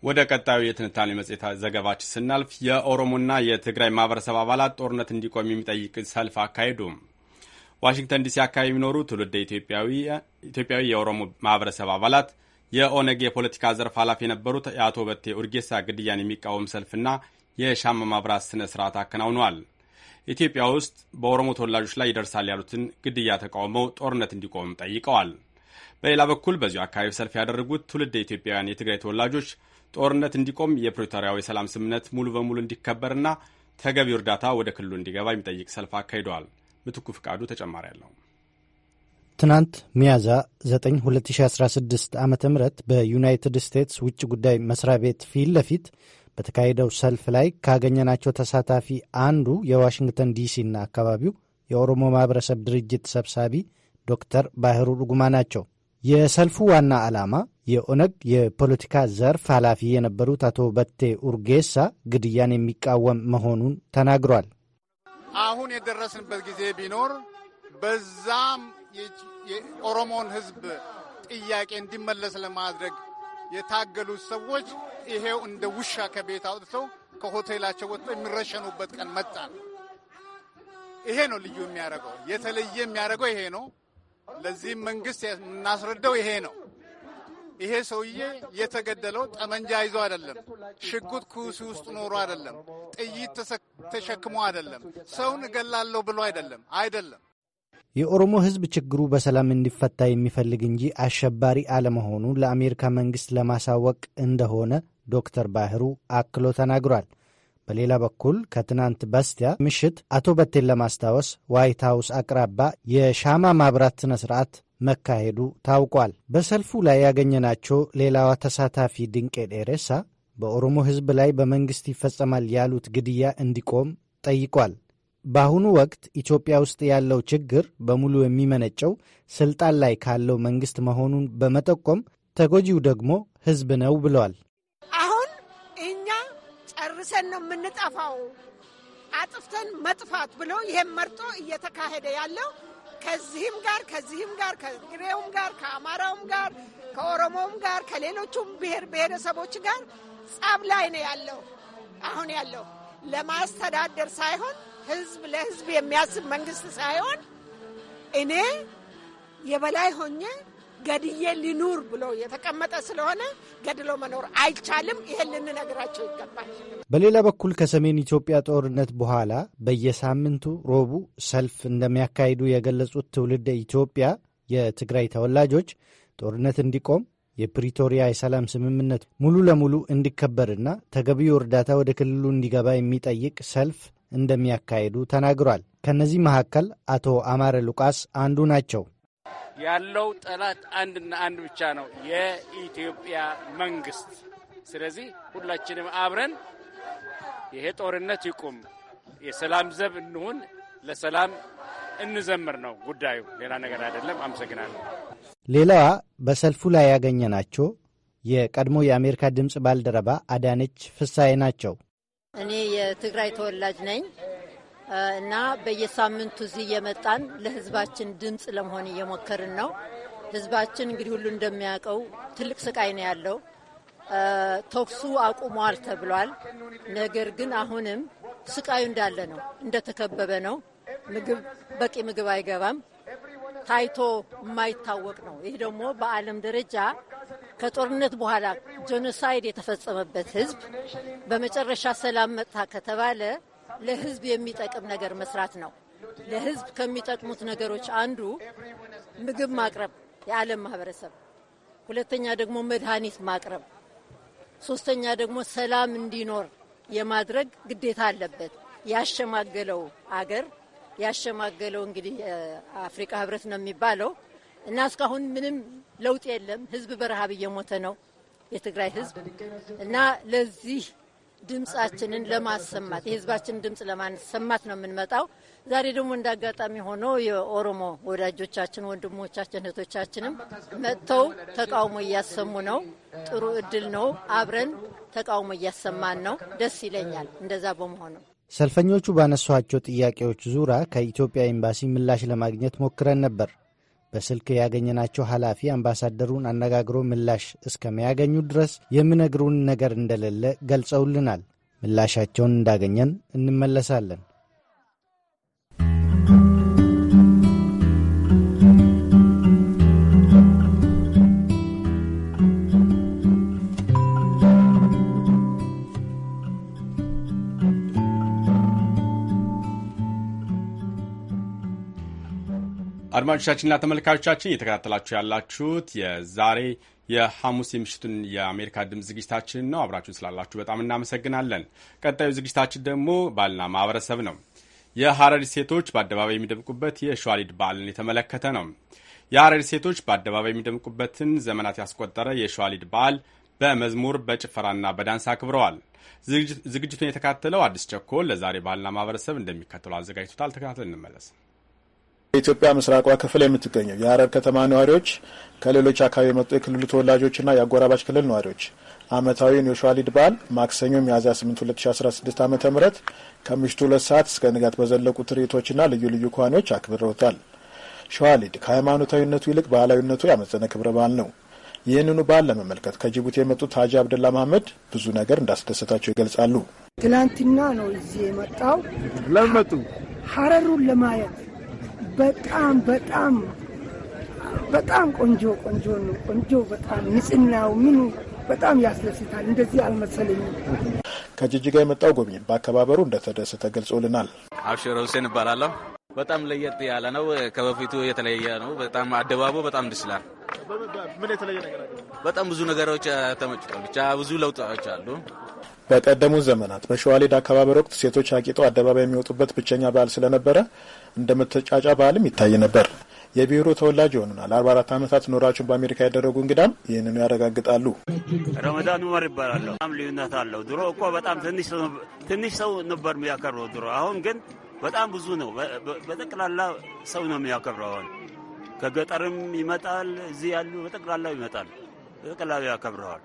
ወደ ቀጣዩ የትንታኔ መጽሔት ዘገባችን ስናልፍ የኦሮሞና የትግራይ ማህበረሰብ አባላት ጦርነት እንዲቆም የሚጠይቅ ሰልፍ አካሄዱ። ዋሽንግተን ዲሲ አካባቢ የሚኖሩ ትውልደ ኢትዮጵያዊ የኦሮሞ ማህበረሰብ አባላት የኦነግ የፖለቲካ ዘርፍ ኃላፊ የነበሩት የአቶ በቴ ኡርጌሳ ግድያን የሚቃወም ሰልፍና የሻማ ማብራት ስነ ስርዓት አከናውነዋል። ኢትዮጵያ ውስጥ በኦሮሞ ተወላጆች ላይ ይደርሳል ያሉትን ግድያ ተቃውመው ጦርነት እንዲቆም ጠይቀዋል። በሌላ በኩል በዚሁ አካባቢ ሰልፍ ያደረጉት ትውልደ ኢትዮጵያውያን የትግራይ ተወላጆች ጦርነት እንዲቆም የፕሪቶሪያው የሰላም ስምምነት ሙሉ በሙሉ እንዲከበርና ተገቢው እርዳታ ወደ ክልሉ እንዲገባ የሚጠይቅ ሰልፍ አካሂደዋል። ምትኩ ፍቃዱ ተጨማሪ ያለው ትናንት ሚያዝያ 9 2016 ዓ ም በዩናይትድ ስቴትስ ውጭ ጉዳይ መስሪያ ቤት ፊት ለፊት በተካሄደው ሰልፍ ላይ ካገኘናቸው ተሳታፊ አንዱ የዋሽንግተን ዲሲና አካባቢው የኦሮሞ ማህበረሰብ ድርጅት ሰብሳቢ ዶክተር ባህሩ ርጉማ ናቸው። የሰልፉ ዋና ዓላማ የኦነግ የፖለቲካ ዘርፍ ኃላፊ የነበሩት አቶ በቴ ኡርጌሳ ግድያን የሚቃወም መሆኑን ተናግሯል። አሁን የደረስንበት ጊዜ ቢኖር በዛም የኦሮሞን ሕዝብ ጥያቄ እንዲመለስ ለማድረግ የታገሉት ሰዎች ይሄው እንደ ውሻ ከቤት አውጥተው ከሆቴላቸው ወጥተው የሚረሸኑበት ቀን ነው። ይሄ ነው ልዩ የሚያደርገው፣ የተለየ የሚያደርገው ይሄ ነው። ለዚህም መንግስት የምናስረዳው ይሄ ነው። ይሄ ሰውዬ የተገደለው ጠመንጃ ይዞ አይደለም፣ ሽጉጥ ኩሲ ውስጥ ኖሮ አይደለም፣ ጥይት ተሸክሞ አይደለም፣ ሰውን እገላለሁ ብሎ አይደለም አይደለም። የኦሮሞ ሕዝብ ችግሩ በሰላም እንዲፈታ የሚፈልግ እንጂ አሸባሪ አለመሆኑ ለአሜሪካ መንግስት ለማሳወቅ እንደሆነ ዶክተር ባህሩ አክሎ ተናግሯል። በሌላ በኩል ከትናንት በስቲያ ምሽት አቶ በቴን ለማስታወስ ዋይት ሀውስ አቅራባ የሻማ ማብራት ስነ ስርዓት መካሄዱ ታውቋል። በሰልፉ ላይ ያገኘናቸው ሌላዋ ተሳታፊ ድንቄ ዴሬሳ በኦሮሞ ሕዝብ ላይ በመንግሥት ይፈጸማል ያሉት ግድያ እንዲቆም ጠይቋል። በአሁኑ ወቅት ኢትዮጵያ ውስጥ ያለው ችግር በሙሉ የሚመነጨው ስልጣን ላይ ካለው መንግሥት መሆኑን በመጠቆም ተጎጂው ደግሞ ሕዝብ ነው ብለዋል። ጨርሰን ነው የምንጠፋው አጥፍተን መጥፋት ብሎ ይሄን መርጦ እየተካሄደ ያለው ከዚህም ጋር ከዚህም ጋር ከትግሬውም ጋር ከአማራውም ጋር ከኦሮሞውም ጋር ከሌሎቹም ብሔር ብሔረሰቦች ጋር ጸብ ላይ ነው ያለው። አሁን ያለው ለማስተዳደር ሳይሆን ህዝብ ለህዝብ የሚያስብ መንግስት ሳይሆን እኔ የበላይ ሆኜ ገድዬ ሊኑር ብሎ የተቀመጠ ስለሆነ ገድሎ መኖር አይቻልም። ይሄን ልንነግራቸው ይገባል። በሌላ በኩል ከሰሜን ኢትዮጵያ ጦርነት በኋላ በየሳምንቱ ሮቡ ሰልፍ እንደሚያካሂዱ የገለጹት ትውልደ ኢትዮጵያ የትግራይ ተወላጆች ጦርነት እንዲቆም የፕሪቶሪያ የሰላም ስምምነት ሙሉ ለሙሉ እንዲከበርና ተገቢው እርዳታ ወደ ክልሉ እንዲገባ የሚጠይቅ ሰልፍ እንደሚያካሂዱ ተናግሯል። ከእነዚህ መካከል አቶ አማረ ሉቃስ አንዱ ናቸው። ያለው ጠላት አንድና አንድ ብቻ ነው፣ የኢትዮጵያ መንግስት። ስለዚህ ሁላችንም አብረን ይሄ ጦርነት ይቁም፣ የሰላም ዘብ እንሁን፣ ለሰላም እንዘምር ነው ጉዳዩ፣ ሌላ ነገር አይደለም። አመሰግናለሁ። ሌላዋ በሰልፉ ላይ ያገኘናቸው የቀድሞ የአሜሪካ ድምፅ ባልደረባ አዳነች ፍሳዬ ናቸው። እኔ የትግራይ ተወላጅ ነኝ። እና በየሳምንቱ እዚህ እየመጣን ለህዝባችን ድምፅ ለመሆን እየሞከርን ነው። ህዝባችን እንግዲህ ሁሉ እንደሚያውቀው ትልቅ ስቃይ ነው ያለው። ተኩሱ አቁሟል ተብሏል። ነገር ግን አሁንም ስቃዩ እንዳለ ነው፣ እንደተከበበ ነው። ምግብ በቂ ምግብ አይገባም። ታይቶ የማይታወቅ ነው። ይህ ደግሞ በዓለም ደረጃ ከጦርነት በኋላ ጄኖሳይድ የተፈጸመበት ህዝብ በመጨረሻ ሰላም መጣ ከተባለ ለህዝብ የሚጠቅም ነገር መስራት ነው። ለህዝብ ከሚጠቅሙት ነገሮች አንዱ ምግብ ማቅረብ የዓለም ማህበረሰብ፣ ሁለተኛ ደግሞ መድኃኒት ማቅረብ፣ ሶስተኛ ደግሞ ሰላም እንዲኖር የማድረግ ግዴታ አለበት። ያሸማገለው አገር ያሸማገለው እንግዲህ የአፍሪካ ህብረት ነው የሚባለው እና እስካሁን ምንም ለውጥ የለም። ህዝብ በረሃብ እየሞተ ነው የትግራይ ህዝብ እና ለዚህ ድምጻችንን ለማሰማት የህዝባችንን ድምጽ ለማሰማት ነው የምንመጣው። ዛሬ ደግሞ እንዳጋጣሚ አጋጣሚ ሆኖ የኦሮሞ ወዳጆቻችን፣ ወንድሞቻችን፣ እህቶቻችንም መጥተው ተቃውሞ እያሰሙ ነው። ጥሩ እድል ነው። አብረን ተቃውሞ እያሰማን ነው። ደስ ይለኛል እንደዛ በመሆኑ። ሰልፈኞቹ ባነሷቸው ጥያቄዎች ዙሪያ ከኢትዮጵያ ኤምባሲ ምላሽ ለማግኘት ሞክረን ነበር። በስልክ ያገኘናቸው ኃላፊ አምባሳደሩን አነጋግሮ ምላሽ እስከሚያገኙ ድረስ የሚነግሩን ነገር እንደሌለ ገልጸውልናል። ምላሻቸውን እንዳገኘን እንመለሳለን። አድማጮቻችንና ተመልካቾቻችን እየተከታተላችሁ ያላችሁት የዛሬ የሐሙስ የምሽቱን የአሜሪካ ድምፅ ዝግጅታችን ነው። አብራችሁን ስላላችሁ በጣም እናመሰግናለን። ቀጣዩ ዝግጅታችን ደግሞ ባህልና ማህበረሰብ ነው። የሀረሪ ሴቶች በአደባባይ የሚደምቁበት የሸዋሊድ በዓልን የተመለከተ ነው። የሀረሪ ሴቶች በአደባባይ የሚደምቁበትን ዘመናት ያስቆጠረ የሸዋሊድ በዓል በመዝሙር በጭፈራና በዳንስ አክብረዋል። ዝግጅቱን የተካተለው አዲስ ቸኮል ለዛሬ ባህልና ማህበረሰብ እንደሚከተለው አዘጋጅቶታል። ተከታተል እንመለስ። በኢትዮጵያ ምስራቋ ክፍል የምትገኘው የሀረር ከተማ ነዋሪዎች ከሌሎች አካባቢ የመጡ የክልሉ ተወላጆችና የአጎራባች ክልል ነዋሪዎች አመታዊውን የሸዋሊድ በዓል ማክሰኞ ሚያዝያ 8 2016 ዓ ም ከምሽቱ ሁለት ሰዓት እስከ ንጋት በዘለቁ ትርኢቶችና ልዩ ልዩ ከዋኔዎች አክብረውታል። ሸዋሊድ ከሃይማኖታዊነቱ ይልቅ ባህላዊነቱ ያመዘነ ክብረ በዓል ነው። ይህንኑ በዓል ለመመልከት ከጅቡቲ የመጡት ሀጂ አብደላ መሀመድ ብዙ ነገር እንዳስደሰታቸው ይገልጻሉ። ትላንትና ነው እዚህ የመጣው። ለመጡ ሀረሩን ለማየት በጣም በጣም በጣም ቆንጆ ቆንጆ ነው። ቆንጆ በጣም ንጽህናው ምኑ በጣም ያስደስታል። እንደዚህ አልመሰለኝም። ከጅጅጋ የመጣው ጎብኝ በአከባበሩ እንደተደሰተ ገልጾልናል። አብሽረ ሁሴን እባላለሁ። በጣም ለየት ያለ ነው። ከበፊቱ የተለየ ነው። በጣም አደባቡ በጣም ደስ ይላል። ምን የተለየ ነገር? በጣም ብዙ ነገሮች ተመችቷል። ብቻ ብዙ ለውጦች አሉ። በቀደሙት ዘመናት በሸዋሌድ አከባበር ወቅት ሴቶች አቂጠው አደባባይ የሚወጡበት ብቸኛ በዓል ስለነበረ እንደ መተጫጫ ባህልም ይታይ ነበር። የቢሮ ተወላጅ የሆኑና ለአርባ አራት ዓመታት ኖራቸውን በአሜሪካ ያደረጉ እንግዳም ይህንኑ ያረጋግጣሉ። ረመዳን ዑመር ይባላለሁ። በጣም ልዩነት አለው። ድሮ እኮ በጣም ትንሽ ሰው ነበር የሚያከረው ድሮ። አሁን ግን በጣም ብዙ ነው። በጠቅላላ ሰው ነው የሚያከረው አሁን። ከገጠርም ይመጣል፣ እዚህ ያሉ በጠቅላላው ይመጣል። በጠቅላላው ያከብረዋል።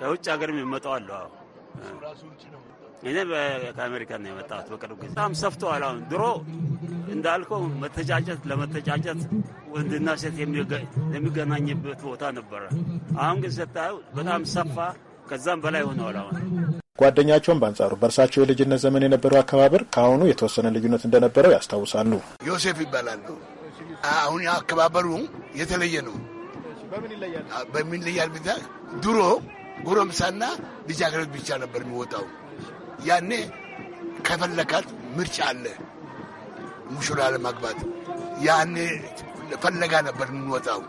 ከውጭ ሀገርም ይመጣዋል። እኔ ከአሜሪካ ነው የመጣሁት በቅርብ ጊዜ። በጣም ሰፍተዋል። አሁን ድሮ እንዳልከው መተጫጨት ለመተጫጨት ወንድና ሴት የሚገናኝበት ቦታ ነበረ። አሁን ግን ስታዩ በጣም ሰፋ፣ ከዛም በላይ ሆነዋል አሁን ጓደኛቸውን በአንጻሩ በእርሳቸው የልጅነት ዘመን የነበረው አከባበር ከአሁኑ የተወሰነ ልዩነት እንደነበረው ያስታውሳሉ። ዮሴፍ ይባላሉ። አሁን አከባበሩ የተለየ ነው። በምን ይለያል? ብታ ድሮ ጎረምሳና ልጃገረት ብቻ ነበር የሚወጣው። ያኔ ከፈለካት ምርጫ አለ ሙሽራ ለማግባት ያኔ ፈለጋ ነበር የምንወጣው።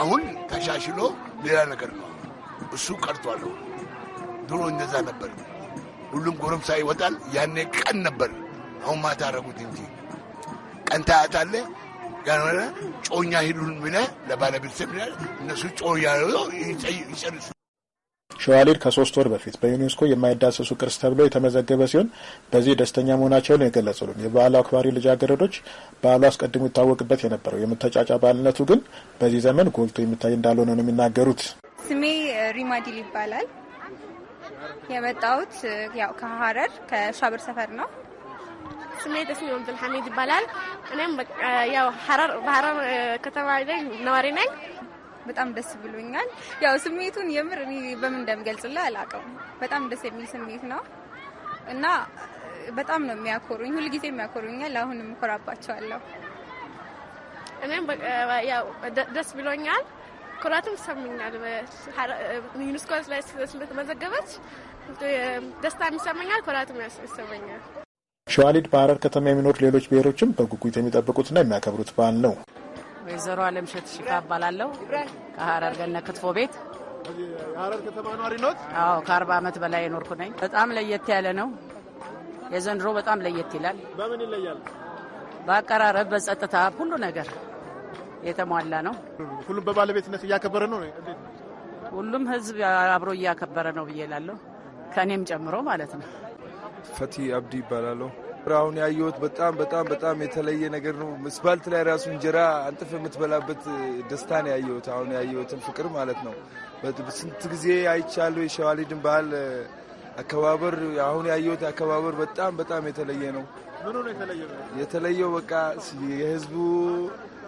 አሁን ተሻሽሎ ሌላ ነገር ነው እሱ ቀርቷል። ድሮ እንደዛ ነበር፣ ሁሉም ጎረምሳ ይወጣል። ያኔ ቀን ነበር፣ አሁን ማታ አረጉት እንጂ ቀን ታያታለ ጮኛ ሂዱን ብለህ ለባለቤተሰብ እነሱ ጮኛ ይጨርሱ ሸዋሊድ ከሶስት ወር በፊት በዩኔስኮ የማይዳሰሱ ቅርስ ተብሎ የተመዘገበ ሲሆን በዚህ ደስተኛ መሆናቸውን የገለጹልን የበዓሉ አክባሪ ልጃገረዶች በዓሉ አስቀድሞ ይታወቅበት የነበረው የመተጫጫ በዓልነቱ ግን በዚህ ዘመን ጎልቶ የሚታይ እንዳልሆነ ነው የሚናገሩት። ስሜ ሪማዲል ይባላል። የመጣሁት ያው ከሀረር ከሻብር ሰፈር ነው። ስሜ ተስሚ አብዱልሐሚድ ይባላል። እኔም ያው ሀረር ከተማ ነዋሪ ነኝ። በጣም ደስ ብሎኛል። ያው ስሜቱን የምር እኔ በምን እንደምገልጽልህ አላውቅም። በጣም ደስ የሚል ስሜት ነው እና በጣም ነው የሚያኮሩኝ። ሁልጊዜ የሚያኮሩኛል። አሁንም እኮራባቸዋለሁ። እኔም ያው ደስ ብሎኛል፣ ኩራትም ይሰምኛል። ዩኒስኮ ላይ ስለተመዘገበች ደስታ ይሰመኛል፣ ኩራትም ይሰመኛል። ሸዋሊድ በሀረር ከተማ የሚኖሩ ሌሎች ብሔሮችም በጉጉት የሚጠብቁትና የሚያከብሩት በዓል ነው። ወይዘሮ አለምሸት ሽፋ እባላለሁ። ከሀረር ገነ ክትፎ ቤት ሀረር ከተማ ኗሪ ኖት? አዎ ከአርባ ዓመት በላይ የኖርኩ ነኝ። በጣም ለየት ያለ ነው። የዘንድሮ በጣም ለየት ይላል። በምን ይለያል? በአቀራረብ፣ በጸጥታ፣ ሁሉ ነገር የተሟላ ነው። ሁሉም በባለቤትነት እያከበረ ነው። ሁሉም ህዝብ አብሮ እያከበረ ነው ብዬ እላለሁ። ከእኔም ጨምሮ ማለት ነው። ፈቲ አብዲ ይባላለሁ። አሁን ያየሁት በጣም በጣም በጣም የተለየ ነገር ነው። ምስባልት ላይ ራሱ እንጀራ አንጥፍ የምትበላበት ደስታ ነው ያየሁት። አሁን ያየሁትን ፍቅር ማለት ነው። ስንት ጊዜ አይቻለሁ የሸዋሊድን ባህል አከባበር። አሁን ያየሁት አከባበር በጣም በጣም የተለየ ነው። የተለየው በቃ የህዝቡ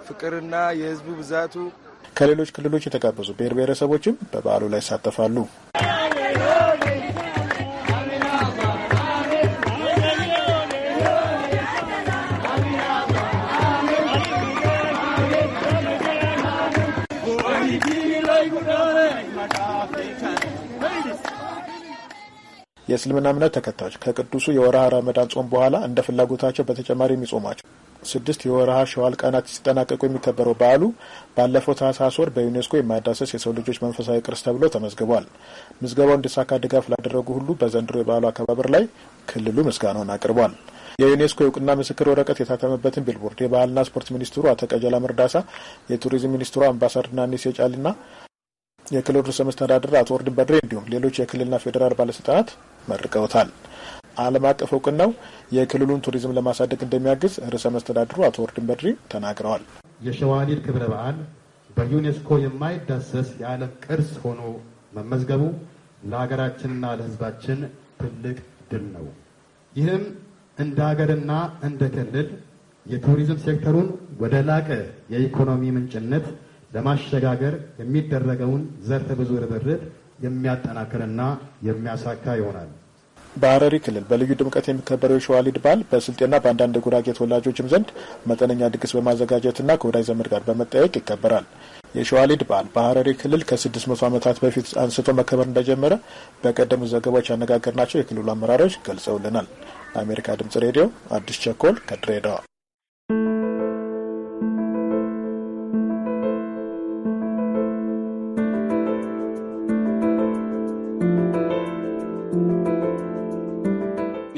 ፍቅርና የህዝቡ ብዛቱ ከሌሎች ክልሎች የተጋበዙ ብሔር ብሔረሰቦችም በበዓሉ ላይ ይሳተፋሉ። የእስልምና እምነት ተከታዮች ከቅዱሱ የወርሃ ረመዳን ጾም በኋላ እንደ ፍላጎታቸው በተጨማሪ የሚጾማቸው ስድስት የወርሃ ሸዋል ቀናት ሲጠናቀቁ የሚከበረው በዓሉ ባለፈው ታህሳስ ወር በዩኔስኮ የማይዳሰስ የሰው ልጆች መንፈሳዊ ቅርስ ተብሎ ተመዝግቧል። ምዝገባው እንዲሳካ ድጋፍ ላደረጉ ሁሉ በዘንድሮ የበዓሉ አከባበር ላይ ክልሉ ምስጋናውን አቅርቧል። የዩኔስኮ የእውቅና ምስክር ወረቀት የታተመበትን ቢልቦርድ የባህልና ስፖርት ሚኒስትሩ አቶ ቀጀላ መርዳሳ፣ የቱሪዝም ሚኒስትሩ አምባሳደር ናኔሴ ጫሊና፣ የክልል ርዕሰ መስተዳድር አቶ ኦርድን በድሬ እንዲሁም ሌሎች የክልልና ፌዴራል ባለስልጣናት መርቀውታል። ዓለም አቀፍ እውቅናው የክልሉን ቱሪዝም ለማሳደግ እንደሚያግዝ ርዕሰ መስተዳድሩ አቶ ወርድን በድሪ ተናግረዋል። የሸዋሊድ ክብረ በዓል በዩኔስኮ የማይዳሰስ የዓለም ቅርስ ሆኖ መመዝገቡ ለሀገራችንና ለሕዝባችን ትልቅ ድል ነው። ይህም እንደ ሀገርና እንደ ክልል የቱሪዝም ሴክተሩን ወደ ላቀ የኢኮኖሚ ምንጭነት ለማሸጋገር የሚደረገውን ዘርፈ ብዙ ርብርብ የሚያጠናክርና የሚያሳካ ይሆናል። በሀረሪ ክልል በልዩ ድምቀት የሚከበረው የሸዋሊድ በዓል በስልጤና በአንዳንድ የጉራጌ ተወላጆችም ዘንድ መጠነኛ ድግስ በማዘጋጀትና ከወዳጅ ዘመድ ጋር በመጠየቅ ይከበራል። የሸዋሊድ በዓል በሀረሪ ክልል ከ600 ዓመታት በፊት አንስቶ መከበር እንደጀመረ በቀደሙ ዘገባዎች ያነጋገርናቸው የክልሉ አመራሮች ገልጸውልናል። ለአሜሪካ ድምጽ ሬዲዮ አዲስ ቸኮል ከድሬዳዋ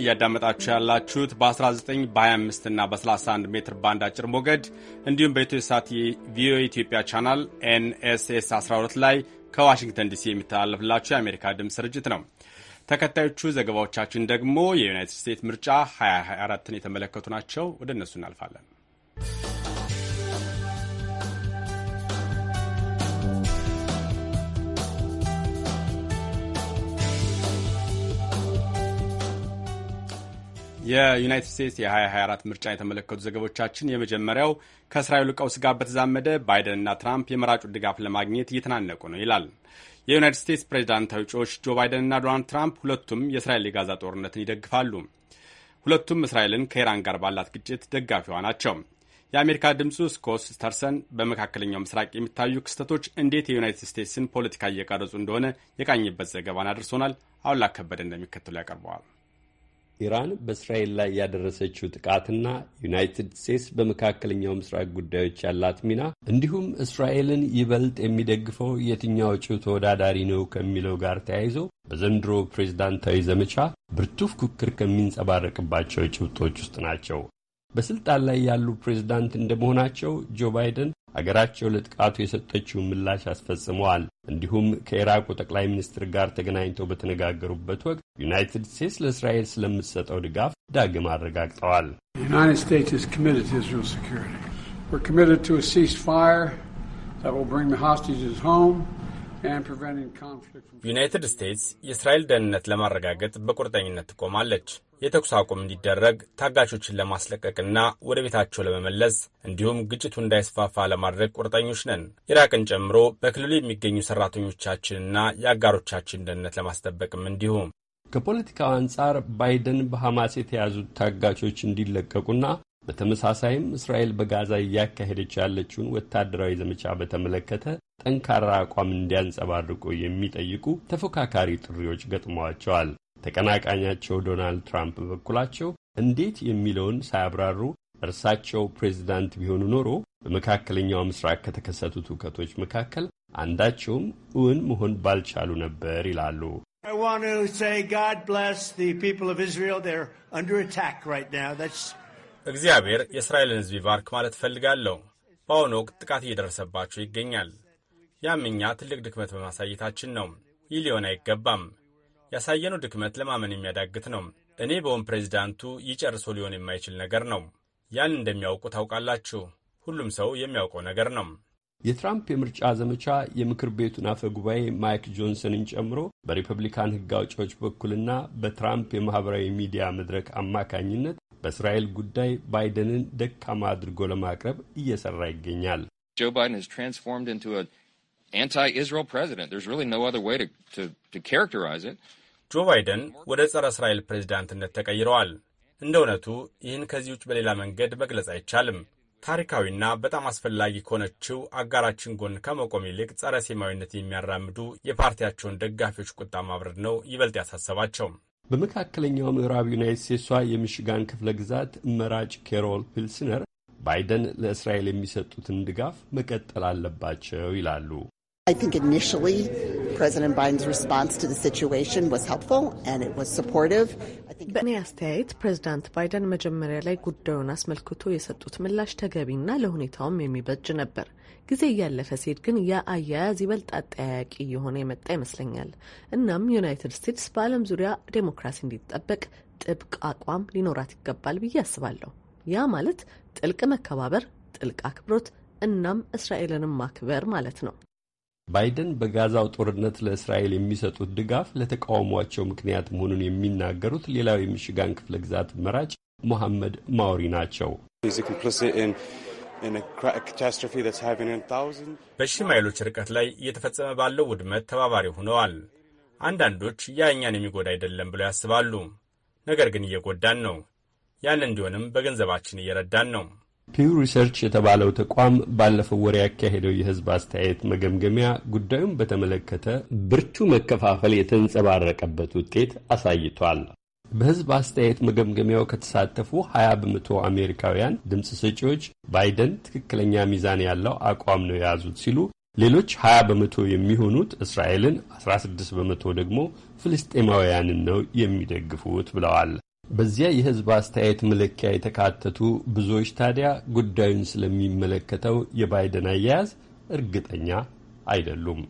እያዳመጣችሁ ያላችሁት በ19 በ25 እና በ31 ሜትር ባንድ አጭር ሞገድ እንዲሁም በኢትዮ ሳት ቪኦኤ ኢትዮጵያ ቻናል ኤንኤስኤስ 12 ላይ ከዋሽንግተን ዲሲ የሚተላለፍላችሁ የአሜሪካ ድምፅ ስርጭት ነው። ተከታዮቹ ዘገባዎቻችን ደግሞ የዩናይትድ ስቴትስ ምርጫ 2024ን የተመለከቱ ናቸው። ወደ እነሱ እናልፋለን። የዩናይትድ ስቴትስ የ2024 ምርጫ የተመለከቱ ዘገቦቻችን የመጀመሪያው ከእስራኤሉ ቀውስ ጋር በተዛመደ ባይደንና ትራምፕ የመራጩ ድጋፍ ለማግኘት እየተናነቁ ነው ይላል። የዩናይትድ ስቴትስ ፕሬዚዳንታዊ እጩዎች ጆ ባይደንና ዶናልድ ትራምፕ ሁለቱም የእስራኤል የጋዛ ጦርነትን ይደግፋሉ። ሁለቱም እስራኤልን ከኢራን ጋር ባላት ግጭት ደጋፊዋ ናቸው። የአሜሪካ ድምፁ ስኮስ ስተርሰን በመካከለኛው ምስራቅ የሚታዩ ክስተቶች እንዴት የዩናይትድ ስቴትስን ፖለቲካ እየቀረጹ እንደሆነ የቃኝበት ዘገባን አድርሶናል። አሉላ ከበደ እንደሚከተሉ ያቀርበዋል። ኢራን በእስራኤል ላይ ያደረሰችው ጥቃትና ዩናይትድ ስቴትስ በመካከለኛው ምስራቅ ጉዳዮች ያላት ሚና እንዲሁም እስራኤልን ይበልጥ የሚደግፈው የትኛው እጩ ተወዳዳሪ ነው ከሚለው ጋር ተያይዞ በዘንድሮ ፕሬዝዳንታዊ ዘመቻ ብርቱ ፉክክር ከሚንጸባረቅባቸው ጭብጦች ውስጥ ናቸው። በስልጣን ላይ ያሉ ፕሬዝዳንት እንደመሆናቸው ጆ ባይደን አገራቸው ለጥቃቱ የሰጠችውን ምላሽ አስፈጽመዋል። እንዲሁም ከኢራቁ ጠቅላይ ሚኒስትር ጋር ተገናኝተው በተነጋገሩበት ወቅት ዩናይትድ ስቴትስ ለእስራኤል ስለምትሰጠው ድጋፍ ዳግም አረጋግጠዋል። ዩናይትድ ስቴትስ የእስራኤል ደህንነት ለማረጋገጥ በቁርጠኝነት ትቆማለች። የተኩስ አቁም እንዲደረግ ታጋቾችን ለማስለቀቅና ወደ ቤታቸው ለመመለስ እንዲሁም ግጭቱ እንዳይስፋፋ ለማድረግ ቁርጠኞች ነን። ኢራቅን ጨምሮ በክልሉ የሚገኙ ሰራተኞቻችንና የአጋሮቻችን ደህንነት ለማስጠበቅም እንዲሁም ከፖለቲካው አንጻር ባይደን በሐማስ የተያዙት ታጋቾች እንዲለቀቁና በተመሳሳይም እስራኤል በጋዛ እያካሄደች ያለችውን ወታደራዊ ዘመቻ በተመለከተ ጠንካራ አቋም እንዲያንጸባርቁ የሚጠይቁ ተፎካካሪ ጥሪዎች ገጥመዋቸዋል። ተቀናቃኛቸው ዶናልድ ትራምፕ በበኩላቸው እንዴት የሚለውን ሳያብራሩ እርሳቸው ፕሬዚዳንት ቢሆኑ ኖሮ በመካከለኛው ምስራቅ ከተከሰቱት ውከቶች መካከል አንዳቸውም እውን መሆን ባልቻሉ ነበር ይላሉ። እግዚአብሔር የእስራኤልን ሕዝብ ይባርክ ማለት እፈልጋለሁ። በአሁኑ ወቅት ጥቃት እየደረሰባቸው ይገኛል። ያም እኛ ትልቅ ድክመት በማሳየታችን ነው። ይህ ሊሆን አይገባም። ያሳየነው ድክመት ለማመን የሚያዳግት ነው። እኔ በሆን ፕሬዚዳንቱ ይጨርሶ ሊሆን የማይችል ነገር ነው። ያን እንደሚያውቁ ታውቃላችሁ። ሁሉም ሰው የሚያውቀው ነገር ነው። የትራምፕ የምርጫ ዘመቻ የምክር ቤቱን አፈ ጉባኤ ማይክ ጆንሰንን ጨምሮ በሪፐብሊካን ሕግ አውጪዎች በኩልና በትራምፕ የማኅበራዊ ሚዲያ መድረክ አማካኝነት በእስራኤል ጉዳይ ባይደንን ደካማ አድርጎ ለማቅረብ እየሰራ ይገኛል። ጆ ባይደን has transformed into an anti-Israel ጆ ባይደን ወደ ጸረ እስራኤል ፕሬዚዳንትነት ተቀይረዋል። እንደ እውነቱ ይህን ከዚህ ውጭ በሌላ መንገድ መግለጽ አይቻልም። ታሪካዊና በጣም አስፈላጊ ከሆነችው አጋራችን ጎን ከመቆም ይልቅ ጸረ ሴማዊነት የሚያራምዱ የፓርቲያቸውን ደጋፊዎች ቁጣ ማብረድ ነው ይበልጥ ያሳሰባቸው። በመካከለኛው ምዕራብ ዩናይት ስቴትሷ የሚሽጋን ክፍለ ግዛት መራጭ ኬሮል ፒልስነር ባይደን ለእስራኤል የሚሰጡትን ድጋፍ መቀጠል አለባቸው ይላሉ። I think initially President Biden's response to the situation was helpful and it was supportive. በእኔ አስተያየት ፕሬዝዳንት ባይደን መጀመሪያ ላይ ጉዳዩን አስመልክቶ የሰጡት ምላሽ ተገቢና ለሁኔታውም የሚበጅ ነበር። ጊዜ እያለፈ ሲሄድ ግን ያ አያያዝ ይበልጥ አጠያያቂ እየሆነ የመጣ ይመስለኛል። እናም ዩናይትድ ስቴትስ በዓለም ዙሪያ ዴሞክራሲ እንዲጠበቅ ጥብቅ አቋም ሊኖራት ይገባል ብዬ አስባለሁ። ያ ማለት ጥልቅ መከባበር፣ ጥልቅ አክብሮት እናም እስራኤልንም ማክበር ማለት ነው። ባይደን በጋዛው ጦርነት ለእስራኤል የሚሰጡት ድጋፍ ለተቃውሟቸው ምክንያት መሆኑን የሚናገሩት ሌላው የሚሽጋን ክፍለ ግዛት መራጭ ሞሐመድ ማውሪ ናቸው። በሺህ ማይሎች ርቀት ላይ እየተፈጸመ ባለው ውድመት ተባባሪ ሆነዋል። አንዳንዶች ያ እኛን የሚጎዳ አይደለም ብለው ያስባሉ። ነገር ግን እየጎዳን ነው። ያን እንዲሆንም በገንዘባችን እየረዳን ነው። ፒው ሪሰርች የተባለው ተቋም ባለፈው ወር ያካሄደው የሕዝብ አስተያየት መገምገሚያ ጉዳዩን በተመለከተ ብርቱ መከፋፈል የተንጸባረቀበት ውጤት አሳይቷል። በሕዝብ አስተያየት መገምገሚያው ከተሳተፉ 20 በመቶ አሜሪካውያን ድምፅ ሰጪዎች ባይደን ትክክለኛ ሚዛን ያለው አቋም ነው የያዙት ሲሉ ሌሎች 20 በመቶ የሚሆኑት እስራኤልን፣ 16 በመቶ ደግሞ ፍልስጤማውያንን ነው የሚደግፉት ብለዋል። በዚያ የህዝብ አስተያየት መለኪያ የተካተቱ ብዙዎች ታዲያ ጉዳዩን ስለሚመለከተው የባይደን አያያዝ እርግጠኛ አይደሉም።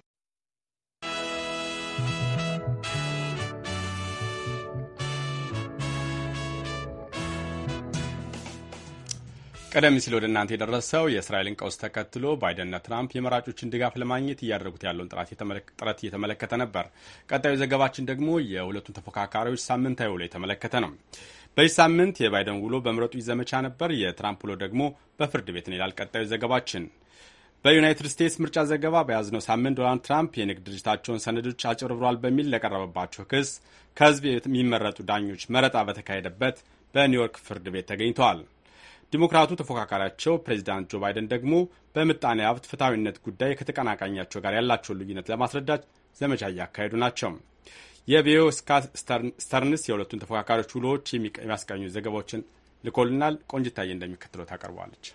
ቀደም ሲል ወደ እናንተ የደረሰው የእስራኤልን ቀውስ ተከትሎ ባይደንና ትራምፕ የመራጮችን ድጋፍ ለማግኘት እያደረጉት ያለውን ጥረት እየተመለከተ ነበር። ቀጣዩ ዘገባችን ደግሞ የሁለቱን ተፎካካሪዎች ሳምንታዊ ውሎ የተመለከተ ነው። በዚህ ሳምንት የባይደን ውሎ በምረጡ ዘመቻ ነበር፣ የትራምፕ ውሎ ደግሞ በፍርድ ቤት ነው ይላል ቀጣዩ ዘገባችን። በዩናይትድ ስቴትስ ምርጫ ዘገባ በያዝነው ሳምንት ዶናልድ ትራምፕ የንግድ ድርጅታቸውን ሰነዶች አጭበርብሯል በሚል ለቀረበባቸው ክስ ከህዝብ የሚመረጡ ዳኞች መረጣ በተካሄደበት በኒውዮርክ ፍርድ ቤት ተገኝተዋል። ዲሞክራቱ ተፎካካሪያቸው ፕሬዚዳንት ጆ ባይደን ደግሞ በምጣኔ ሀብት ፍትሐዊነት ጉዳይ ከተቀናቃኛቸው ጋር ያላቸውን ልዩነት ለማስረዳት ዘመቻ እያካሄዱ ናቸው። የቪኦኤ ስካት ስተርንስ የሁለቱን ተፎካካሪዎች ውሎዎች የሚያስቀኙ ዘገባዎችን ልኮልናል። ቆንጅታዬ እንደሚከተለው ታቀርበዋለች።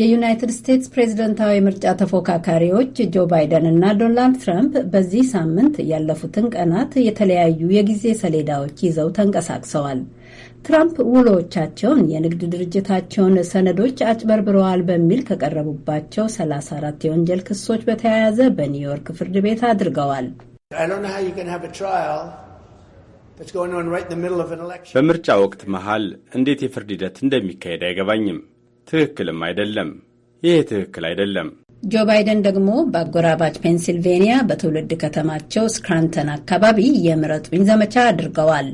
የዩናይትድ ስቴትስ ፕሬዝደንታዊ ምርጫ ተፎካካሪዎች ጆ ባይደን እና ዶናልድ ትራምፕ በዚህ ሳምንት ያለፉትን ቀናት የተለያዩ የጊዜ ሰሌዳዎች ይዘው ተንቀሳቅሰዋል። ትራምፕ ውሎዎቻቸውን የንግድ ድርጅታቸውን ሰነዶች አጭበርብረዋል በሚል ከቀረቡባቸው 34 የወንጀል ክሶች በተያያዘ በኒውዮርክ ፍርድ ቤት አድርገዋል። በምርጫ ወቅት መሃል እንዴት የፍርድ ሂደት እንደሚካሄድ አይገባኝም። ትክክልም አይደለም። ይሄ ትክክል አይደለም። ጆ ባይደን ደግሞ በአጎራባች ፔንሲልቬንያ በትውልድ ከተማቸው ስክራንተን አካባቢ የምረጡኝ ዘመቻ አድርገዋል።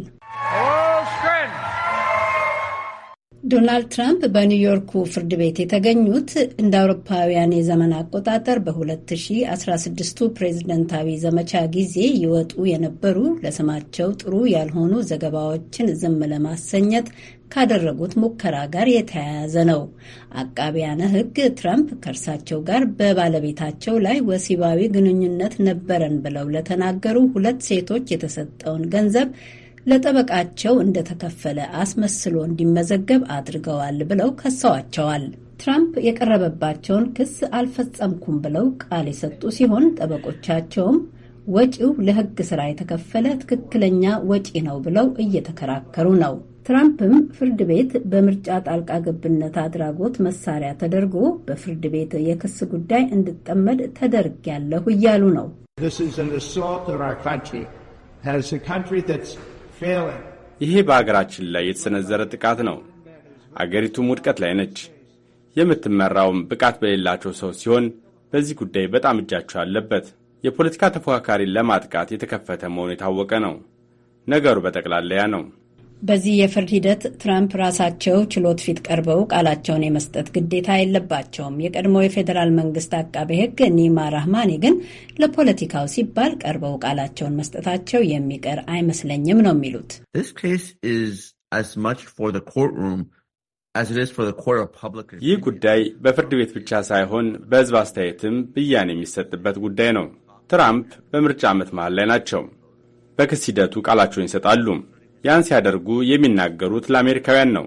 ዶናልድ ትራምፕ በኒውዮርኩ ፍርድ ቤት የተገኙት እንደ አውሮፓውያን የዘመን አቆጣጠር በ 2016 ፕሬዝደንታዊ ዘመቻ ጊዜ ይወጡ የነበሩ ለስማቸው ጥሩ ያልሆኑ ዘገባዎችን ዝም ለማሰኘት ካደረጉት ሙከራ ጋር የተያያዘ ነው። አቃቢያነ ሕግ ትራምፕ ከእርሳቸው ጋር በባለቤታቸው ላይ ወሲባዊ ግንኙነት ነበረን ብለው ለተናገሩ ሁለት ሴቶች የተሰጠውን ገንዘብ ለጠበቃቸው እንደተከፈለ አስመስሎ እንዲመዘገብ አድርገዋል ብለው ከሰዋቸዋል። ትራምፕ የቀረበባቸውን ክስ አልፈጸምኩም ብለው ቃል የሰጡ ሲሆን ጠበቆቻቸውም ወጪው ለሕግ ስራ የተከፈለ ትክክለኛ ወጪ ነው ብለው እየተከራከሩ ነው። ትራምፕም ፍርድ ቤት በምርጫ ጣልቃ ገብነት አድራጎት መሳሪያ ተደርጎ በፍርድ ቤት የክስ ጉዳይ እንድጠመድ ያለሁ እያሉ ነው። ይሄ በአገራችን ላይ የተሰነዘረ ጥቃት ነው። አገሪቱም ውድቀት ላይ ነች። የምትመራውም ብቃት በሌላቸው ሰው ሲሆን በዚህ ጉዳይ በጣም እጃቸው አለበት። የፖለቲካ ተፎካካሪን ለማጥቃት የተከፈተ መሆኑ የታወቀ ነው። ነገሩ በጠቅላላያ ነው። በዚህ የፍርድ ሂደት ትራምፕ ራሳቸው ችሎት ፊት ቀርበው ቃላቸውን የመስጠት ግዴታ የለባቸውም። የቀድሞ የፌዴራል መንግስት አቃቤ ሕግ ኒማ ራህማኒ ግን ለፖለቲካው ሲባል ቀርበው ቃላቸውን መስጠታቸው የሚቀር አይመስለኝም ነው የሚሉት። ይህ ጉዳይ በፍርድ ቤት ብቻ ሳይሆን በህዝብ አስተያየትም ብያን የሚሰጥበት ጉዳይ ነው። ትራምፕ በምርጫ ዓመት መሃል ላይ ናቸው። በክስ ሂደቱ ቃላቸውን ይሰጣሉ። ያን ሲያደርጉ የሚናገሩት ለአሜሪካውያን ነው።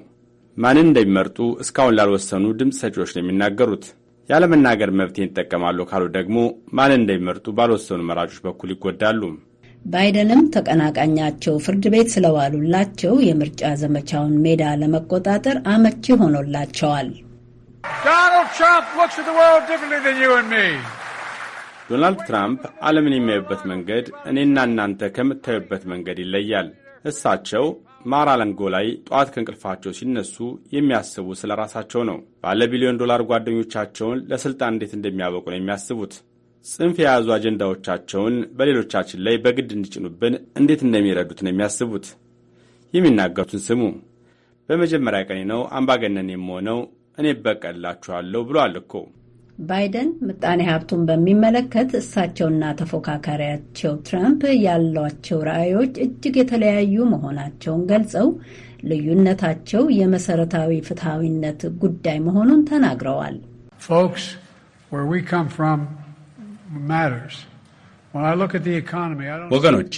ማንን እንደሚመርጡ እስካሁን ላልወሰኑ ድምፅ ሰጪዎች ነው የሚናገሩት። ያለመናገር መብቴን ይጠቀማሉ ካሉ ደግሞ ማንን እንደሚመርጡ ባልወሰኑ መራጮች በኩል ይጎዳሉ። ባይደንም ተቀናቃኛቸው ፍርድ ቤት ስለዋሉላቸው የምርጫ ዘመቻውን ሜዳ ለመቆጣጠር አመቺ ሆኖላቸዋል። ዶናልድ ትራምፕ ዓለምን የሚያዩበት መንገድ እኔና እናንተ ከምታዩበት መንገድ ይለያል። እሳቸው ማራለንጎ ላይ ጠዋት ከእንቅልፋቸው ሲነሱ የሚያስቡ ስለ ራሳቸው ነው። ባለ ቢሊዮን ዶላር ጓደኞቻቸውን ለሥልጣን እንዴት እንደሚያበቁ ነው የሚያስቡት። ጽንፍ የያዙ አጀንዳዎቻቸውን በሌሎቻችን ላይ በግድ እንዲጭኑብን እንዴት እንደሚረዱት ነው የሚያስቡት። የሚናገሩትን ስሙ። በመጀመሪያ ቀኔ ነው አምባገነን የምሆነው እኔ በቀላችኋለሁ ብሏል እኮ ባይደን ምጣኔ ሀብቱን በሚመለከት እሳቸውና ተፎካካሪያቸው ትራምፕ ያሏቸው ራዕዮች እጅግ የተለያዩ መሆናቸውን ገልጸው ልዩነታቸው የመሰረታዊ ፍትሐዊነት ጉዳይ መሆኑን ተናግረዋል። ወገኖቼ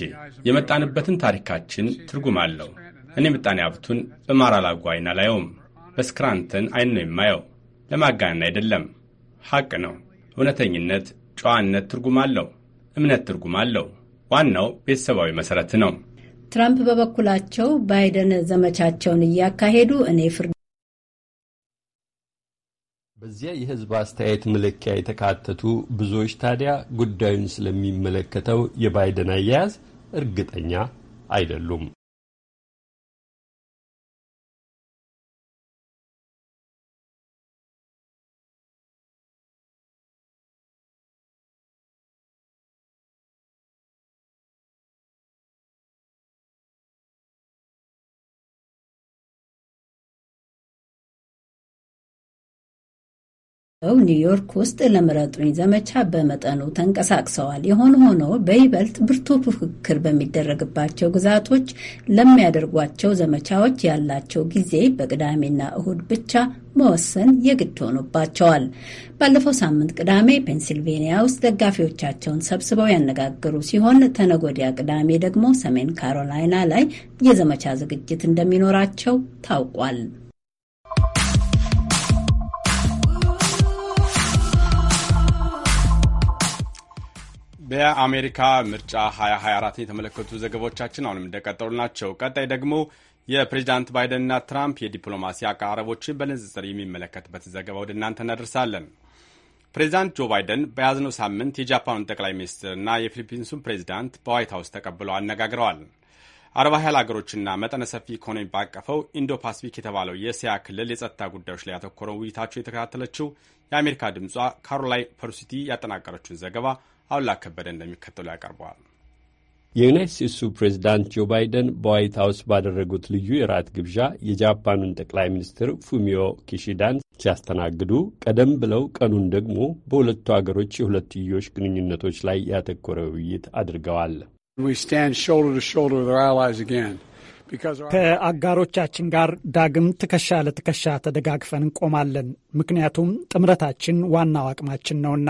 የመጣንበትን ታሪካችን ትርጉም አለው። እኔ ምጣኔ ሀብቱን በማራላጓይን አላየውም፣ በስክራንተን አይን ነው የማየው። ለማጋነን አይደለም። ሐቅ ነው። እውነተኝነት፣ ጨዋነት ትርጉም አለው። እምነት ትርጉም አለው። ዋናው ቤተሰባዊ መሠረት ነው። ትራምፕ በበኩላቸው ባይደን ዘመቻቸውን እያካሄዱ እኔ ፍርድ በዚያ የሕዝብ አስተያየት መለኪያ የተካተቱ ብዙዎች ታዲያ ጉዳዩን ስለሚመለከተው የባይደን አያያዝ እርግጠኛ አይደሉም። ኒውዮርክ ውስጥ ለምረጡኝ ዘመቻ በመጠኑ ተንቀሳቅሰዋል። የሆነ ሆኖ በይበልጥ ብርቱ ፉክክር በሚደረግባቸው ግዛቶች ለሚያደርጓቸው ዘመቻዎች ያላቸው ጊዜ በቅዳሜና እሁድ ብቻ መወሰን የግድ ሆኖባቸዋል። ባለፈው ሳምንት ቅዳሜ ፔንሲልቬኒያ ውስጥ ደጋፊዎቻቸውን ሰብስበው ያነጋገሩ ሲሆን ተነጎዲያ ቅዳሜ ደግሞ ሰሜን ካሮላይና ላይ የዘመቻ ዝግጅት እንደሚኖራቸው ታውቋል። በአሜሪካ ምርጫ 2024 የተመለከቱ ዘገባዎቻችን አሁንም እንደቀጠሉ ናቸው። ቀጣይ ደግሞ የፕሬዚዳንት ባይደንና ትራምፕ የዲፕሎማሲ አቀራረቦችን በንጽጽር የሚመለከትበት ዘገባ ወደ እናንተ እናደርሳለን። ፕሬዚዳንት ጆ ባይደን በያዝነው ሳምንት የጃፓኑን ጠቅላይ ሚኒስትርና የፊሊፒንሱን ፕሬዚዳንት በዋይት ሀውስ ተቀብለው አነጋግረዋል። አርባ ያህል ሀገሮችና መጠነ ሰፊ ኢኮኖሚ ባቀፈው ኢንዶ ፓስፊክ የተባለው የእስያ ክልል የጸጥታ ጉዳዮች ላይ ያተኮረው ውይይታቸው የተከታተለችው የአሜሪካ ድምጿ ካሮላይን ፐርሲቲ ያጠናቀረችውን ዘገባ አሉላ ከበደ እንደሚከተሉ ያቀርበዋል። የዩናይት ስቴትሱ ፕሬዚዳንት ጆ ባይደን በዋይት ሀውስ ባደረጉት ልዩ የራት ግብዣ የጃፓኑን ጠቅላይ ሚኒስትር ፉሚዮ ኪሺዳን ሲያስተናግዱ ቀደም ብለው ቀኑን ደግሞ በሁለቱ አገሮች የሁለትዮሽ ግንኙነቶች ላይ ያተኮረ ውይይት አድርገዋል። ከአጋሮቻችን ጋር ዳግም ትከሻ ለትከሻ ተደጋግፈን እንቆማለን፣ ምክንያቱም ጥምረታችን ዋናው አቅማችን ነውና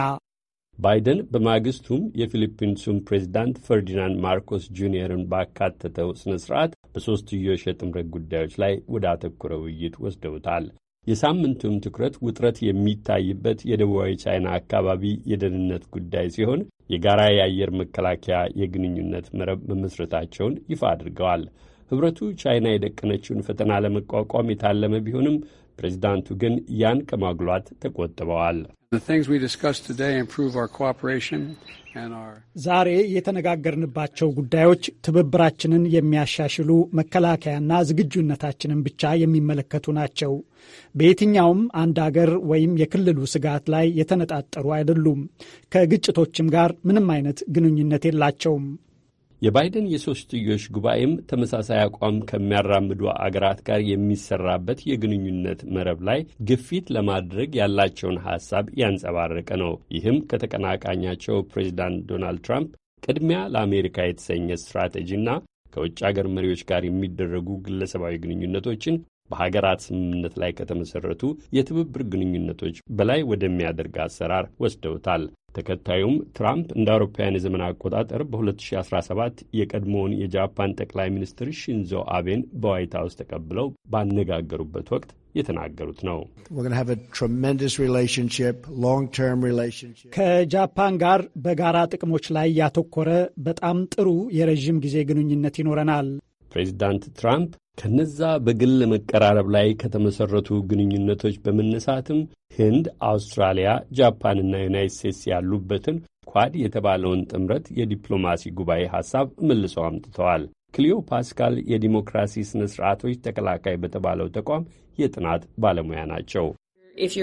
ባይደን በማግስቱም የፊሊፒንሱን ፕሬዚዳንት ፈርዲናንድ ማርኮስ ጁኒየርን ባካተተው ሥነ ሥርዓት በሦስትዮሽ የጥምረት ጉዳዮች ላይ ወደ አተኩረ ውይይት ወስደውታል። የሳምንቱም ትኩረት ውጥረት የሚታይበት የደቡባዊ ቻይና አካባቢ የደህንነት ጉዳይ ሲሆን የጋራ የአየር መከላከያ የግንኙነት መረብ መመስረታቸውን ይፋ አድርገዋል። ኅብረቱ ቻይና የደቀነችውን ፈተና ለመቋቋም የታለመ ቢሆንም ፕሬዚዳንቱ ግን ያን ከማጉሏት ተቆጥበዋል። ዛሬ የተነጋገርንባቸው ጉዳዮች ትብብራችንን የሚያሻሽሉ መከላከያና ዝግጁነታችንን ብቻ የሚመለከቱ ናቸው። በየትኛውም አንድ አገር ወይም የክልሉ ስጋት ላይ የተነጣጠሩ አይደሉም። ከግጭቶችም ጋር ምንም አይነት ግንኙነት የላቸውም። የባይደን የሶስትዮሽ ጉባኤም ተመሳሳይ አቋም ከሚያራምዱ አገራት ጋር የሚሰራበት የግንኙነት መረብ ላይ ግፊት ለማድረግ ያላቸውን ሐሳብ ያንጸባረቀ ነው። ይህም ከተቀናቃኛቸው ፕሬዚዳንት ዶናልድ ትራምፕ ቅድሚያ ለአሜሪካ የተሰኘ ስትራቴጂና ከውጭ አገር መሪዎች ጋር የሚደረጉ ግለሰባዊ ግንኙነቶችን በሀገራት ስምምነት ላይ ከተመሰረቱ የትብብር ግንኙነቶች በላይ ወደሚያደርግ አሰራር ወስደውታል። ተከታዩም ትራምፕ እንደ አውሮፓውያን የዘመን አቆጣጠር በ2017 የቀድሞውን የጃፓን ጠቅላይ ሚኒስትር ሺንዞ አቤን በዋይት ሀውስ ተቀብለው ባነጋገሩበት ወቅት የተናገሩት ነው። ከጃፓን ጋር በጋራ ጥቅሞች ላይ ያተኮረ በጣም ጥሩ የረዥም ጊዜ ግንኙነት ይኖረናል። ፕሬዚዳንት ትራምፕ ከነዛ በግል መቀራረብ ላይ ከተመሠረቱ ግንኙነቶች በመነሳትም ህንድ፣ አውስትራሊያ፣ ጃፓንና ዩናይት ስቴትስ ያሉበትን ኳድ የተባለውን ጥምረት የዲፕሎማሲ ጉባኤ ሐሳብ መልሰው አምጥተዋል። ክሊዮ ፓስካል የዲሞክራሲ ሥነ ሥርዓቶች ተከላካይ በተባለው ተቋም የጥናት ባለሙያ ናቸው። ኢፍ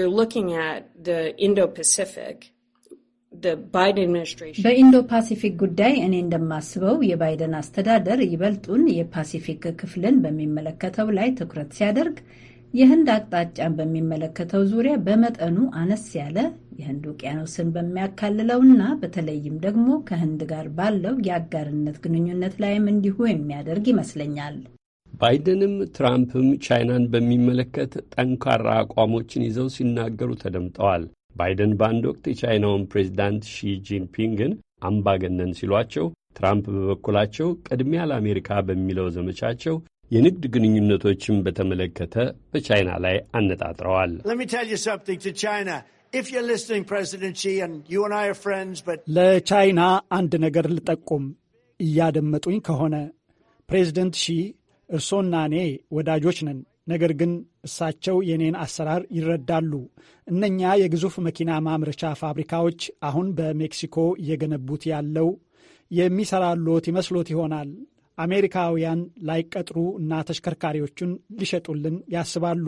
በኢንዶ ፓሲፊክ ጉዳይ እኔ እንደማስበው የባይደን አስተዳደር ይበልጡን የፓሲፊክ ክፍልን በሚመለከተው ላይ ትኩረት ሲያደርግ የህንድ አቅጣጫን በሚመለከተው ዙሪያ በመጠኑ አነስ ያለ የህንድ ውቅያኖስን በሚያካልለው እና በተለይም ደግሞ ከህንድ ጋር ባለው የአጋርነት ግንኙነት ላይም እንዲሁ የሚያደርግ ይመስለኛል። ባይደንም ትራምፕም ቻይናን በሚመለከት ጠንካራ አቋሞችን ይዘው ሲናገሩ ተደምጠዋል። ባይደን በአንድ ወቅት የቻይናውን ፕሬዚዳንት ሺ ጂንፒንግን አምባገነን ሲሏቸው፣ ትራምፕ በበኩላቸው ቅድሚያ ለአሜሪካ በሚለው ዘመቻቸው የንግድ ግንኙነቶችን በተመለከተ በቻይና ላይ አነጣጥረዋል። ለቻይና አንድ ነገር ልጠቁም። እያደመጡኝ ከሆነ ፕሬዚደንት ሺ እርሶና እኔ ወዳጆች ነን። ነገር ግን እሳቸው የኔን አሰራር ይረዳሉ። እነኛ የግዙፍ መኪና ማምረቻ ፋብሪካዎች አሁን በሜክሲኮ እየገነቡት ያለው የሚሰራሎት ይመስሎት ይሆናል። አሜሪካውያን ላይቀጥሩ እና ተሽከርካሪዎቹን ሊሸጡልን ያስባሉ።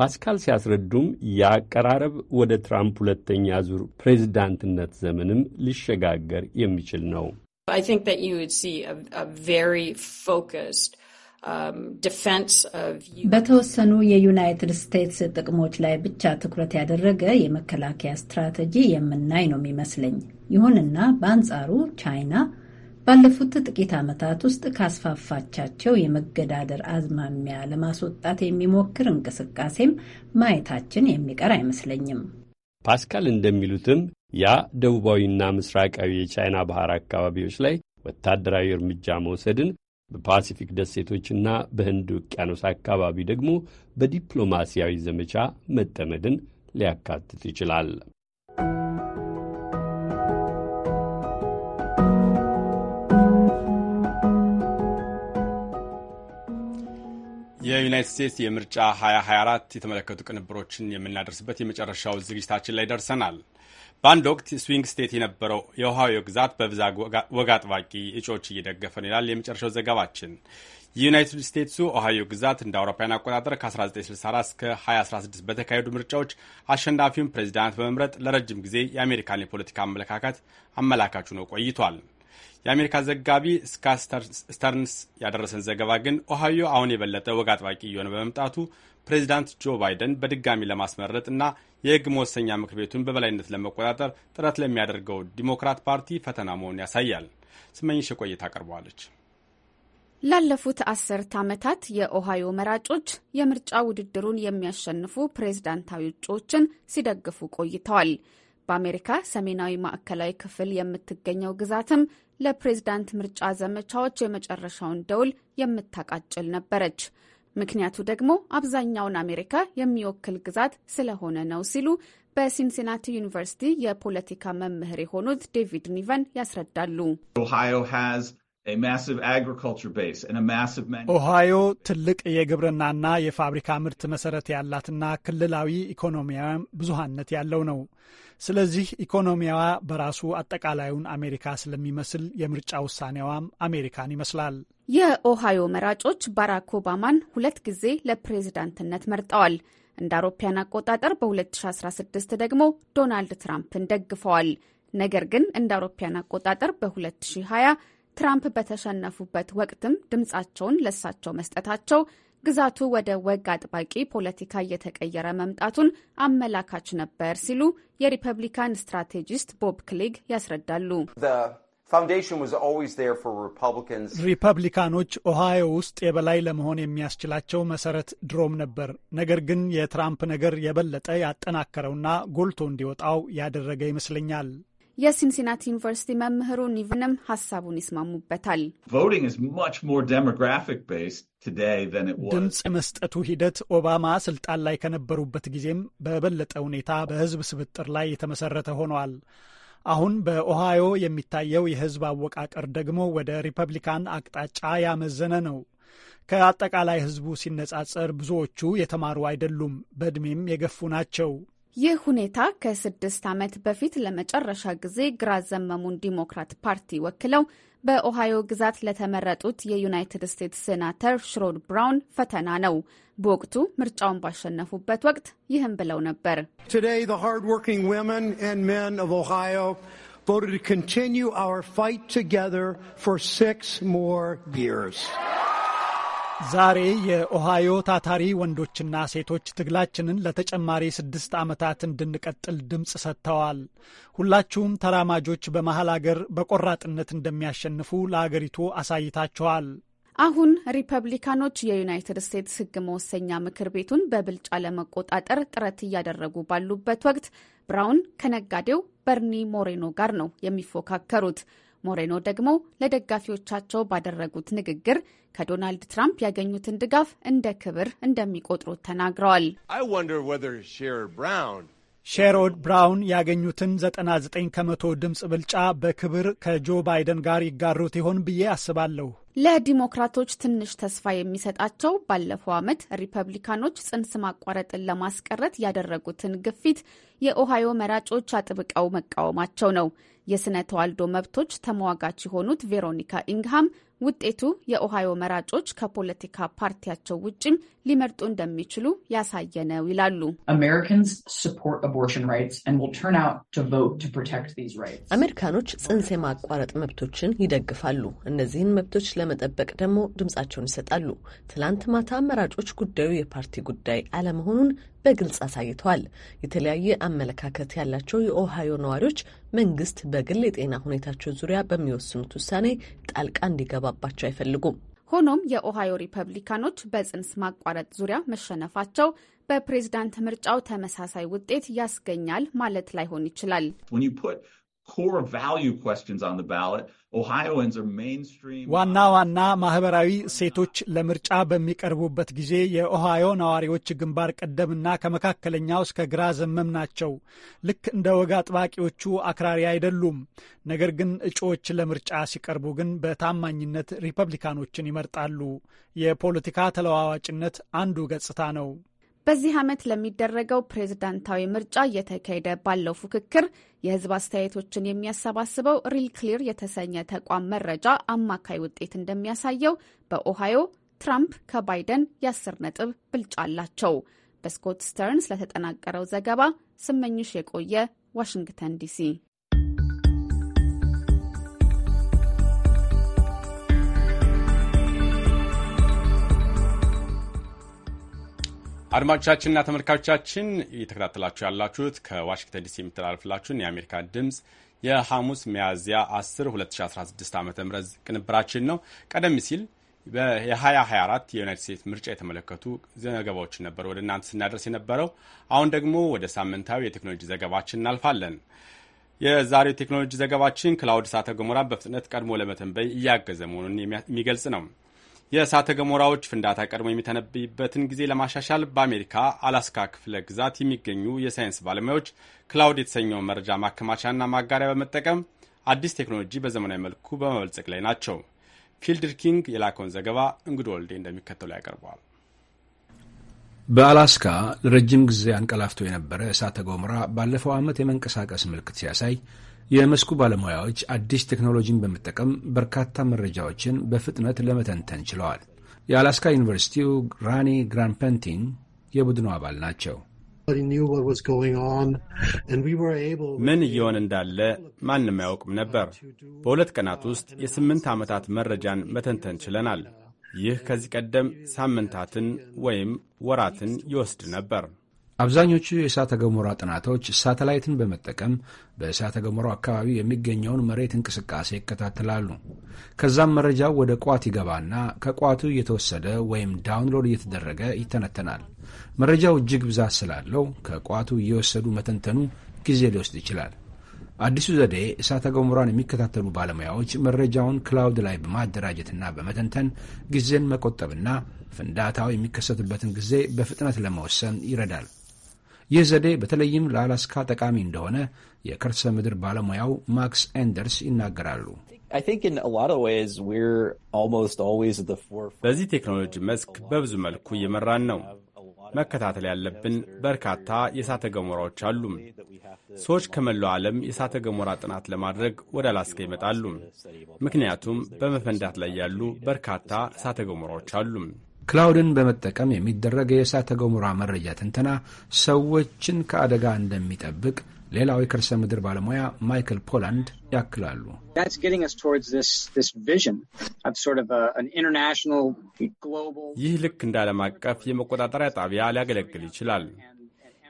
ፓስካል ሲያስረዱም የአቀራረብ ወደ ትራምፕ ሁለተኛ ዙር ፕሬዚዳንትነት ዘመንም ሊሸጋገር የሚችል ነው። I think that you would see a, a very focused Um, በተወሰኑ የዩናይትድ ስቴትስ ጥቅሞች ላይ ብቻ ትኩረት ያደረገ የመከላከያ ስትራቴጂ የምናይ ነው የሚመስለኝ። ይሁንና በአንጻሩ ቻይና ባለፉት ጥቂት ዓመታት ውስጥ ካስፋፋቻቸው የመገዳደር አዝማሚያ ለማስወጣት የሚሞክር እንቅስቃሴም ማየታችን የሚቀር አይመስለኝም። ፓስካል እንደሚሉትም ያ ደቡባዊና ምስራቃዊ የቻይና ባህር አካባቢዎች ላይ ወታደራዊ እርምጃ መውሰድን በፓሲፊክ ደሴቶችና በህንድ ውቅያኖስ አካባቢ ደግሞ በዲፕሎማሲያዊ ዘመቻ መጠመድን ሊያካትት ይችላል። የዩናይት ስቴትስ የምርጫ 2024 የተመለከቱ ቅንብሮችን የምናደርስበት የመጨረሻው ዝግጅታችን ላይ ደርሰናል። በአንድ ወቅት ስዊንግ ስቴት የነበረው የኦሃዮ ግዛት በብዛ ወግ አጥባቂ እጩዎች እየደገፈ ነው ይላል የመጨረሻው ዘገባችን። የዩናይትድ ስቴትሱ ኦሃዮ ግዛት እንደ አውሮፓውያን አቆጣጠር ከ1964 እስከ 2016 በተካሄዱ ምርጫዎች አሸናፊውን ፕሬዚዳንት በመምረጥ ለረጅም ጊዜ የአሜሪካን የፖለቲካ አመለካከት አመላካች ሆኖ ቆይቷል። የአሜሪካ ዘጋቢ ስካት ስተርንስ ያደረሰን ዘገባ ግን ኦሃዮ አሁን የበለጠ ወግ አጥባቂ እየሆነ በመምጣቱ ፕሬዚዳንት ጆ ባይደን በድጋሚ ለማስመረጥ እና የህግ መወሰኛ ምክር ቤቱን በበላይነት ለመቆጣጠር ጥረት ለሚያደርገው ዲሞክራት ፓርቲ ፈተና መሆኑን ያሳያል። ስመኝሽ ቆይታ አቀርበዋለች። ላለፉት አስርት ዓመታት የኦሃዮ መራጮች የምርጫ ውድድሩን የሚያሸንፉ ፕሬዝዳንታዊ እጩዎችን ሲደግፉ ቆይተዋል። በአሜሪካ ሰሜናዊ ማዕከላዊ ክፍል የምትገኘው ግዛትም ለፕሬዝዳንት ምርጫ ዘመቻዎች የመጨረሻውን ደውል የምታቃጭል ነበረች። ምክንያቱ ደግሞ አብዛኛውን አሜሪካ የሚወክል ግዛት ስለሆነ ነው ሲሉ በሲንሲናቲ ዩኒቨርሲቲ የፖለቲካ መምህር የሆኑት ዴቪድ ኒቨን ያስረዳሉ። ኦሃዮ ትልቅ የግብርናና የፋብሪካ ምርት መሰረት ያላትና ክልላዊ ኢኮኖሚያዊ ብዙሃነት ያለው ነው። ስለዚህ ኢኮኖሚያዋ በራሱ አጠቃላዩን አሜሪካ ስለሚመስል የምርጫ ውሳኔዋም አሜሪካን ይመስላል። የኦሃዮ መራጮች ባራክ ኦባማን ሁለት ጊዜ ለፕሬዝዳንትነት መርጠዋል። እንደ አውሮፓያን አቆጣጠር በ2016 ደግሞ ዶናልድ ትራምፕን ደግፈዋል። ነገር ግን እንደ አውሮፓያን አቆጣጠር በ2020 ትራምፕ በተሸነፉበት ወቅትም ድምፃቸውን ለሳቸው መስጠታቸው ግዛቱ ወደ ወግ አጥባቂ ፖለቲካ እየተቀየረ መምጣቱን አመላካች ነበር ሲሉ የሪፐብሊካን ስትራቴጂስት ቦብ ክሊግ ያስረዳሉ። ሪፐብሊካኖች ኦሃዮ ውስጥ የበላይ ለመሆን የሚያስችላቸው መሰረት ድሮም ነበር። ነገር ግን የትራምፕ ነገር የበለጠ ያጠናከረውና ጎልቶ እንዲወጣው ያደረገ ይመስለኛል። የሲንሲናቲ ዩኒቨርሲቲ መምህሩ ኒቭንም ሀሳቡን ይስማሙበታል። ድምፅ የመስጠቱ ሂደት ኦባማ ስልጣን ላይ ከነበሩበት ጊዜም በበለጠ ሁኔታ በህዝብ ስብጥር ላይ የተመሰረተ ሆኗል። አሁን በኦሃዮ የሚታየው የህዝብ አወቃቀር ደግሞ ወደ ሪፐብሊካን አቅጣጫ ያመዘነ ነው። ከአጠቃላይ ህዝቡ ሲነጻጸር ብዙዎቹ የተማሩ አይደሉም፣ በእድሜም የገፉ ናቸው። ይህ ሁኔታ ከስድስት ዓመት በፊት ለመጨረሻ ጊዜ ግራ ዘመሙን ዲሞክራት ፓርቲ ወክለው በኦሃዮ ግዛት ለተመረጡት የዩናይትድ ስቴትስ ሴናተር ሽሮድ ብራውን ፈተና ነው። በወቅቱ ምርጫውን ባሸነፉበት ወቅት ይህም ብለው ነበር። ዛሬ ዛሬ የኦሃዮ ታታሪ ወንዶችና ሴቶች ትግላችንን ለተጨማሪ ስድስት ዓመታት እንድንቀጥል ድምፅ ሰጥተዋል። ሁላችሁም ተራማጆች በመሀል አገር በቆራጥነት እንደሚያሸንፉ ለአገሪቱ አሳይታችኋል። አሁን ሪፐብሊካኖች የዩናይትድ ስቴትስ ሕግ መወሰኛ ምክር ቤቱን በብልጫ ለመቆጣጠር ጥረት እያደረጉ ባሉበት ወቅት ብራውን ከነጋዴው በርኒ ሞሬኖ ጋር ነው የሚፎካከሩት። ሞሬኖ ደግሞ ለደጋፊዎቻቸው ባደረጉት ንግግር ከዶናልድ ትራምፕ ያገኙትን ድጋፍ እንደ ክብር እንደሚቆጥሩት ተናግረዋል። ሼሮድ ብራውን ያገኙትን 99 ከመቶ ድምፅ ብልጫ በክብር ከጆ ባይደን ጋር ይጋሩት ይሆን ብዬ አስባለሁ። ለዲሞክራቶች ትንሽ ተስፋ የሚሰጣቸው ባለፈው ዓመት ሪፐብሊካኖች ጽንስ ማቋረጥን ለማስቀረት ያደረጉትን ግፊት የኦሃዮ መራጮች አጥብቀው መቃወማቸው ነው። የስነ ተዋልዶ መብቶች ተሟጋች የሆኑት ቬሮኒካ ኢንግሃም ውጤቱ የኦሃዮ መራጮች ከፖለቲካ ፓርቲያቸው ውጭም ሊመርጡ እንደሚችሉ ያሳየ ነው ይላሉ። አሜሪካኖች ጽንስ የማቋረጥ መብቶችን ይደግፋሉ። እነዚህን መብቶች ለመጠበቅ ደግሞ ድምጻቸውን ይሰጣሉ። ትላንት ማታ መራጮች ጉዳዩ የፓርቲ ጉዳይ አለመሆኑን በግልጽ አሳይተዋል። የተለያየ አመለካከት ያላቸው የኦሃዮ ነዋሪዎች መንግስት በግል የጤና ሁኔታቸው ዙሪያ በሚወስኑት ውሳኔ ጣልቃ እንዲገባባቸው አይፈልጉም። ሆኖም የኦሃዮ ሪፐብሊካኖች በጽንስ ማቋረጥ ዙሪያ መሸነፋቸው በፕሬዝዳንት ምርጫው ተመሳሳይ ውጤት ያስገኛል ማለት ላይሆን ይችላል። ዋና ዋና ማህበራዊ እሴቶች ለምርጫ በሚቀርቡበት ጊዜ የኦሃዮ ነዋሪዎች ግንባር ቀደምና ከመካከለኛው እስከ ግራ ዘመም ናቸው። ልክ እንደ ወግ አጥባቂዎቹ አክራሪ አይደሉም። ነገር ግን እጩዎች ለምርጫ ሲቀርቡ ግን በታማኝነት ሪፐብሊካኖችን ይመርጣሉ። የፖለቲካ ተለዋዋጭነት አንዱ ገጽታ ነው። በዚህ ዓመት ለሚደረገው ፕሬዝዳንታዊ ምርጫ እየተካሄደ ባለው ፉክክር የህዝብ አስተያየቶችን የሚያሰባስበው ሪል ክሊር የተሰኘ ተቋም መረጃ አማካይ ውጤት እንደሚያሳየው በኦሃዮ ትራምፕ ከባይደን የአስር ነጥብ ብልጫ አላቸው። በስኮት ስተርንስ ለተጠናቀረው ዘገባ ስመኝሽ የቆየ ዋሽንግተን ዲሲ አድማጮቻችንና ተመልካቾቻችን እየተከታተላችሁ ያላችሁት ከዋሽንግተን ዲሲ የሚተላለፍላችሁን የአሜሪካ ድምፅ የሐሙስ ሚያዝያ 10 2016 ዓ ም ቅንብራችን ነው። ቀደም ሲል የ2024 የዩናይት ስቴትስ ምርጫ የተመለከቱ ዘገባዎችን ነበር ወደ እናንተ ስናደርስ የነበረው። አሁን ደግሞ ወደ ሳምንታዊ የቴክኖሎጂ ዘገባችን እናልፋለን። የዛሬው ቴክኖሎጂ ዘገባችን ክላውድ እሳተ ገሞራን በፍጥነት ቀድሞ ለመተንበይ እያገዘ መሆኑን የሚገልጽ ነው። የእሳተ ገሞራዎች ፍንዳታ ቀድሞ የሚተነብይበትን ጊዜ ለማሻሻል በአሜሪካ አላስካ ክፍለ ግዛት የሚገኙ የሳይንስ ባለሙያዎች ክላውድ የተሰኘውን መረጃ ማከማቻና ማጋሪያ በመጠቀም አዲስ ቴክኖሎጂ በዘመናዊ መልኩ በመበልጸግ ላይ ናቸው። ፊልድር ኪንግ የላከውን ዘገባ እንግዶ ወልዴ እንደሚከተሉ ያቀርበዋል። በአላስካ ለረጅም ጊዜ አንቀላፍቶ የነበረ እሳተ ገሞራ ባለፈው ዓመት የመንቀሳቀስ ምልክት ሲያሳይ የመስኩ ባለሙያዎች አዲስ ቴክኖሎጂን በመጠቀም በርካታ መረጃዎችን በፍጥነት ለመተንተን ችለዋል። የአላስካ ዩኒቨርሲቲው ራኒ ግራንፐንቲን የቡድኑ አባል ናቸው። ምን እየሆን እንዳለ ማንም አያውቅም ነበር። በሁለት ቀናት ውስጥ የስምንት ዓመታት መረጃን መተንተን ችለናል። ይህ ከዚህ ቀደም ሳምንታትን ወይም ወራትን ይወስድ ነበር። አብዛኞቹ የእሳተ ገሞራ ጥናቶች ሳተላይትን በመጠቀም በእሳተ ገሞራው አካባቢ የሚገኘውን መሬት እንቅስቃሴ ይከታተላሉ። ከዛም መረጃው ወደ ቋት ይገባና ከቋቱ እየተወሰደ ወይም ዳውንሎድ እየተደረገ ይተነተናል። መረጃው እጅግ ብዛት ስላለው ከቋቱ እየወሰዱ መተንተኑ ጊዜ ሊወስድ ይችላል። አዲሱ ዘዴ እሳተ ገሞራን የሚከታተሉ ባለሙያዎች መረጃውን ክላውድ ላይ በማደራጀትና በመተንተን ጊዜን መቆጠብና ፍንዳታው የሚከሰትበትን ጊዜ በፍጥነት ለመወሰን ይረዳል። ይህ ዘዴ በተለይም ለአላስካ ጠቃሚ እንደሆነ የከርሰ ምድር ባለሙያው ማክስ ኤንደርስ ይናገራሉ። በዚህ ቴክኖሎጂ መስክ በብዙ መልኩ እየመራን ነው። መከታተል ያለብን በርካታ የእሳተ ገሞራዎች አሉም። ሰዎች ከመላው ዓለም የእሳተ ገሞራ ጥናት ለማድረግ ወደ አላስካ ይመጣሉ። ምክንያቱም በመፈንዳት ላይ ያሉ በርካታ እሳተ ገሞራዎች አሉም። ክላውድን በመጠቀም የሚደረግ የእሳተ ገሞራ መረጃ ትንተና ሰዎችን ከአደጋ እንደሚጠብቅ ሌላው የከርሰ ምድር ባለሙያ ማይክል ፖላንድ ያክላሉ። ይህ ልክ እንደ ዓለም አቀፍ የመቆጣጠሪያ ጣቢያ ሊያገለግል ይችላል።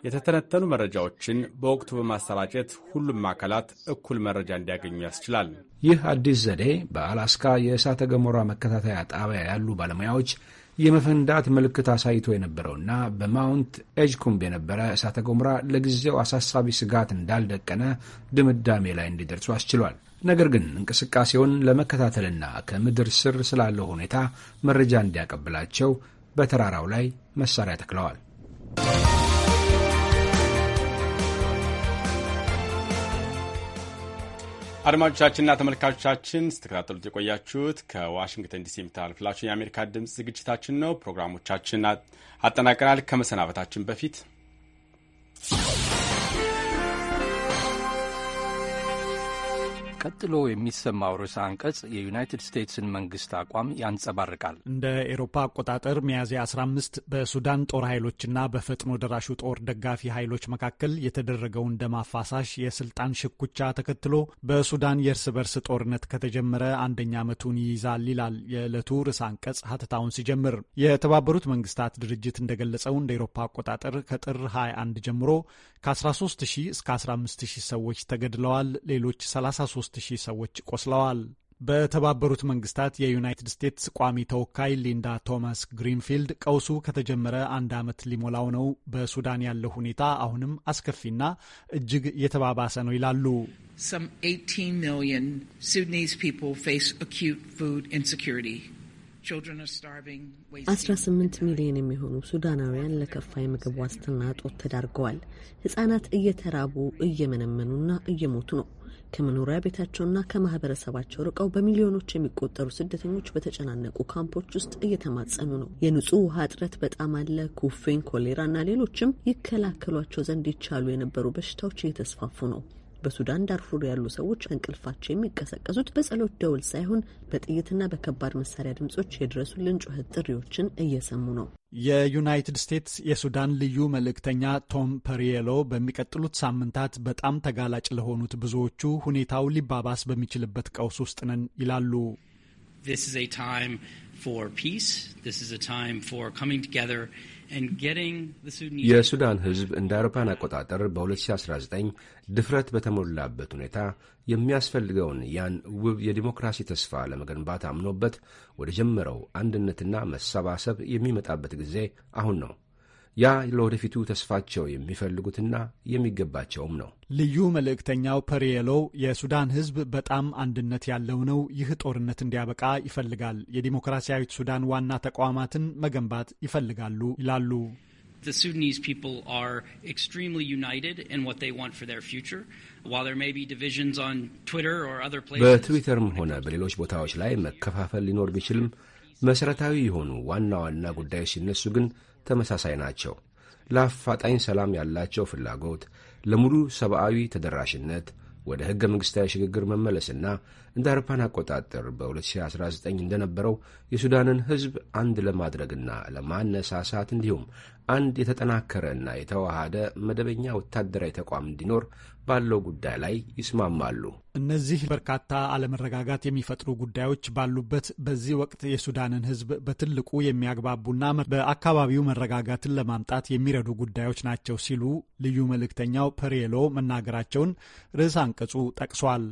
የተተነተኑ መረጃዎችን በወቅቱ በማሰራጨት ሁሉም አካላት እኩል መረጃ እንዲያገኙ ያስችላል። ይህ አዲስ ዘዴ በአላስካ የእሳተ ገሞራ መከታተያ ጣቢያ ያሉ ባለሙያዎች የመፈንዳት ምልክት አሳይቶ የነበረውና በማውንት ኤጅኩምብ የነበረ እሳተ ገሞራ ለጊዜው አሳሳቢ ስጋት እንዳልደቀነ ድምዳሜ ላይ እንዲደርሱ አስችሏል። ነገር ግን እንቅስቃሴውን ለመከታተልና ከምድር ስር ስላለው ሁኔታ መረጃ እንዲያቀብላቸው በተራራው ላይ መሳሪያ ተክለዋል። አድማጮቻችንና ተመልካቾቻችን ስትከታተሉት የቆያችሁት ከዋሽንግተን ዲሲ የሚተላለፍላችሁ የአሜሪካ ድምፅ ዝግጅታችን ነው። ፕሮግራሞቻችን አጠናቀናል። ከመሰናበታችን በፊት ቀጥሎ የሚሰማው ርዕሰ አንቀጽ የዩናይትድ ስቴትስን መንግስት አቋም ያንጸባርቃል። እንደ ኤሮፓ አቆጣጠር ሚያዝያ 15 በሱዳን ጦር ኃይሎችና በፈጥኖ ደራሹ ጦር ደጋፊ ኃይሎች መካከል የተደረገውን ደም አፋሳሽ የስልጣን ሽኩቻ ተከትሎ በሱዳን የእርስ በርስ ጦርነት ከተጀመረ አንደኛ ዓመቱን ይይዛል ይላል የዕለቱ ርዕሰ አንቀጽ ሀተታውን ሲጀምር። የተባበሩት መንግስታት ድርጅት እንደገለጸው እንደ ኤሮፓ አቆጣጠር ከጥር 21 ጀምሮ ከ13000 እስከ 15000 ሰዎች ተገድለዋል ሌሎች 33 ሶስት ሺህ ሰዎች ቆስለዋል። በተባበሩት መንግስታት የዩናይትድ ስቴትስ ቋሚ ተወካይ ሊንዳ ቶማስ ግሪንፊልድ ቀውሱ ከተጀመረ አንድ ዓመት ሊሞላው ነው፣ በሱዳን ያለው ሁኔታ አሁንም አስከፊና እጅግ የተባባሰ ነው ይላሉ። አስራ ስምንት ሚሊዮን የሚሆኑ ሱዳናውያን ለከፋ የምግብ ዋስትና እጦት ተዳርገዋል። ሕጻናት እየተራቡ እየመነመኑና እየሞቱ ነው። ከመኖሪያ ቤታቸውና ከማህበረሰባቸው ርቀው በሚሊዮኖች የሚቆጠሩ ስደተኞች በተጨናነቁ ካምፖች ውስጥ እየተማጸኑ ነው። የንጹህ ውሃ እጥረት በጣም አለ። ኩፍኝ፣ ኮሌራና ሌሎችም ይከላከሏቸው ዘንድ ይቻሉ የነበሩ በሽታዎች እየተስፋፉ ነው። በሱዳን ዳርፉር ያሉ ሰዎች እንቅልፋቸው የሚቀሰቀሱት በጸሎት ደውል ሳይሆን በጥይትና በከባድ መሳሪያ ድምጾች የድረሱልን ጩኸት ጥሪዎችን እየሰሙ ነው። የዩናይትድ ስቴትስ የሱዳን ልዩ መልእክተኛ ቶም ፐሪየሎ በሚቀጥሉት ሳምንታት በጣም ተጋላጭ ለሆኑት ብዙዎቹ ሁኔታው ሊባባስ በሚችልበት ቀውስ ውስጥ ነን ይላሉ። This is a time for peace. This is a time for coming together የሱዳን ሕዝብ እንደ አውሮፓን አቆጣጠር በ2019 ድፍረት በተሞላበት ሁኔታ የሚያስፈልገውን ያን ውብ የዲሞክራሲ ተስፋ ለመገንባት አምኖበት ወደ ጀመረው አንድነትና መሰባሰብ የሚመጣበት ጊዜ አሁን ነው። ያ ለወደፊቱ ተስፋቸው የሚፈልጉትና የሚገባቸውም ነው። ልዩ መልእክተኛው ፐሪየሎ የሱዳን ሕዝብ በጣም አንድነት ያለው ነው። ይህ ጦርነት እንዲያበቃ ይፈልጋል። የዲሞክራሲያዊት ሱዳን ዋና ተቋማትን መገንባት ይፈልጋሉ ይላሉ። The Sudanese people are extremely united in what they want for their future. While there may be divisions on Twitter or other places, በትዊተርም ሆነ በሌሎች ቦታዎች ላይ መከፋፈል ሊኖር ቢችልም መሰረታዊ የሆኑ ዋና ዋና ጉዳዮች ሲነሱ ግን ተመሳሳይ ናቸው። ለአፋጣኝ ሰላም ያላቸው ፍላጎት፣ ለሙሉ ሰብአዊ ተደራሽነት፣ ወደ ሕገ መንግሥታዊ ሽግግር መመለስና እንደ አውሮፓን አቆጣጠር በ2019 እንደነበረው የሱዳንን ሕዝብ አንድ ለማድረግና ለማነሳሳት እንዲሁም አንድ የተጠናከረ እና የተዋሃደ መደበኛ ወታደራዊ ተቋም እንዲኖር ባለው ጉዳይ ላይ ይስማማሉ። እነዚህ በርካታ አለመረጋጋት የሚፈጥሩ ጉዳዮች ባሉበት በዚህ ወቅት የሱዳንን ህዝብ በትልቁ የሚያግባቡና በአካባቢው መረጋጋትን ለማምጣት የሚረዱ ጉዳዮች ናቸው ሲሉ ልዩ መልእክተኛው ፐሬሎ መናገራቸውን ርዕስ አንቀጹ ጠቅሷል።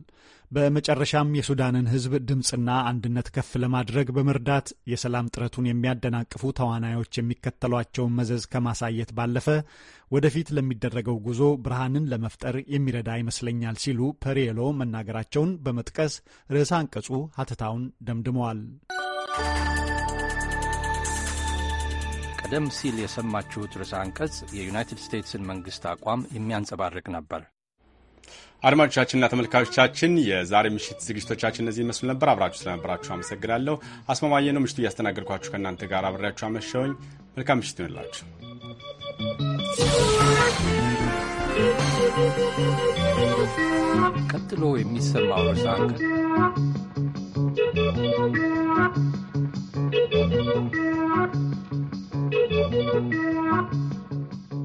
በመጨረሻም የሱዳንን ህዝብ ድምፅና አንድነት ከፍ ለማድረግ በመርዳት የሰላም ጥረቱን የሚያደናቅፉ ተዋናዮች የሚከተሏቸውን መዘዝ ከማሳየት ባለፈ ወደፊት ለሚደረገው ጉዞ ብርሃንን ለመፍጠር የሚረዳ ይመስለኛል ሲሉ ፐሬሎ መናገራቸውን በመጥቀስ ርዕሰ አንቀጹ ሀተታውን ደምድመዋል። ቀደም ሲል የሰማችሁት ርዕሰ አንቀጽ የዩናይትድ ስቴትስን መንግሥት አቋም የሚያንጸባርቅ ነበር። አድማጮቻችንና ተመልካቾቻችን የዛሬ ምሽት ዝግጅቶቻችን እነዚህ ይመስሉ ነበር። አብራችሁ ስለነበራችሁ አመሰግናለሁ። አስማማየ ነው ምሽቱ እያስተናገድኳችሁ ከእናንተ ጋር አብሬያችሁ አመሸውኝ። መልካም ምሽት ይሆንላችሁ። ቀጥሎ የሚሰማው ርዕሰ አንቀጽ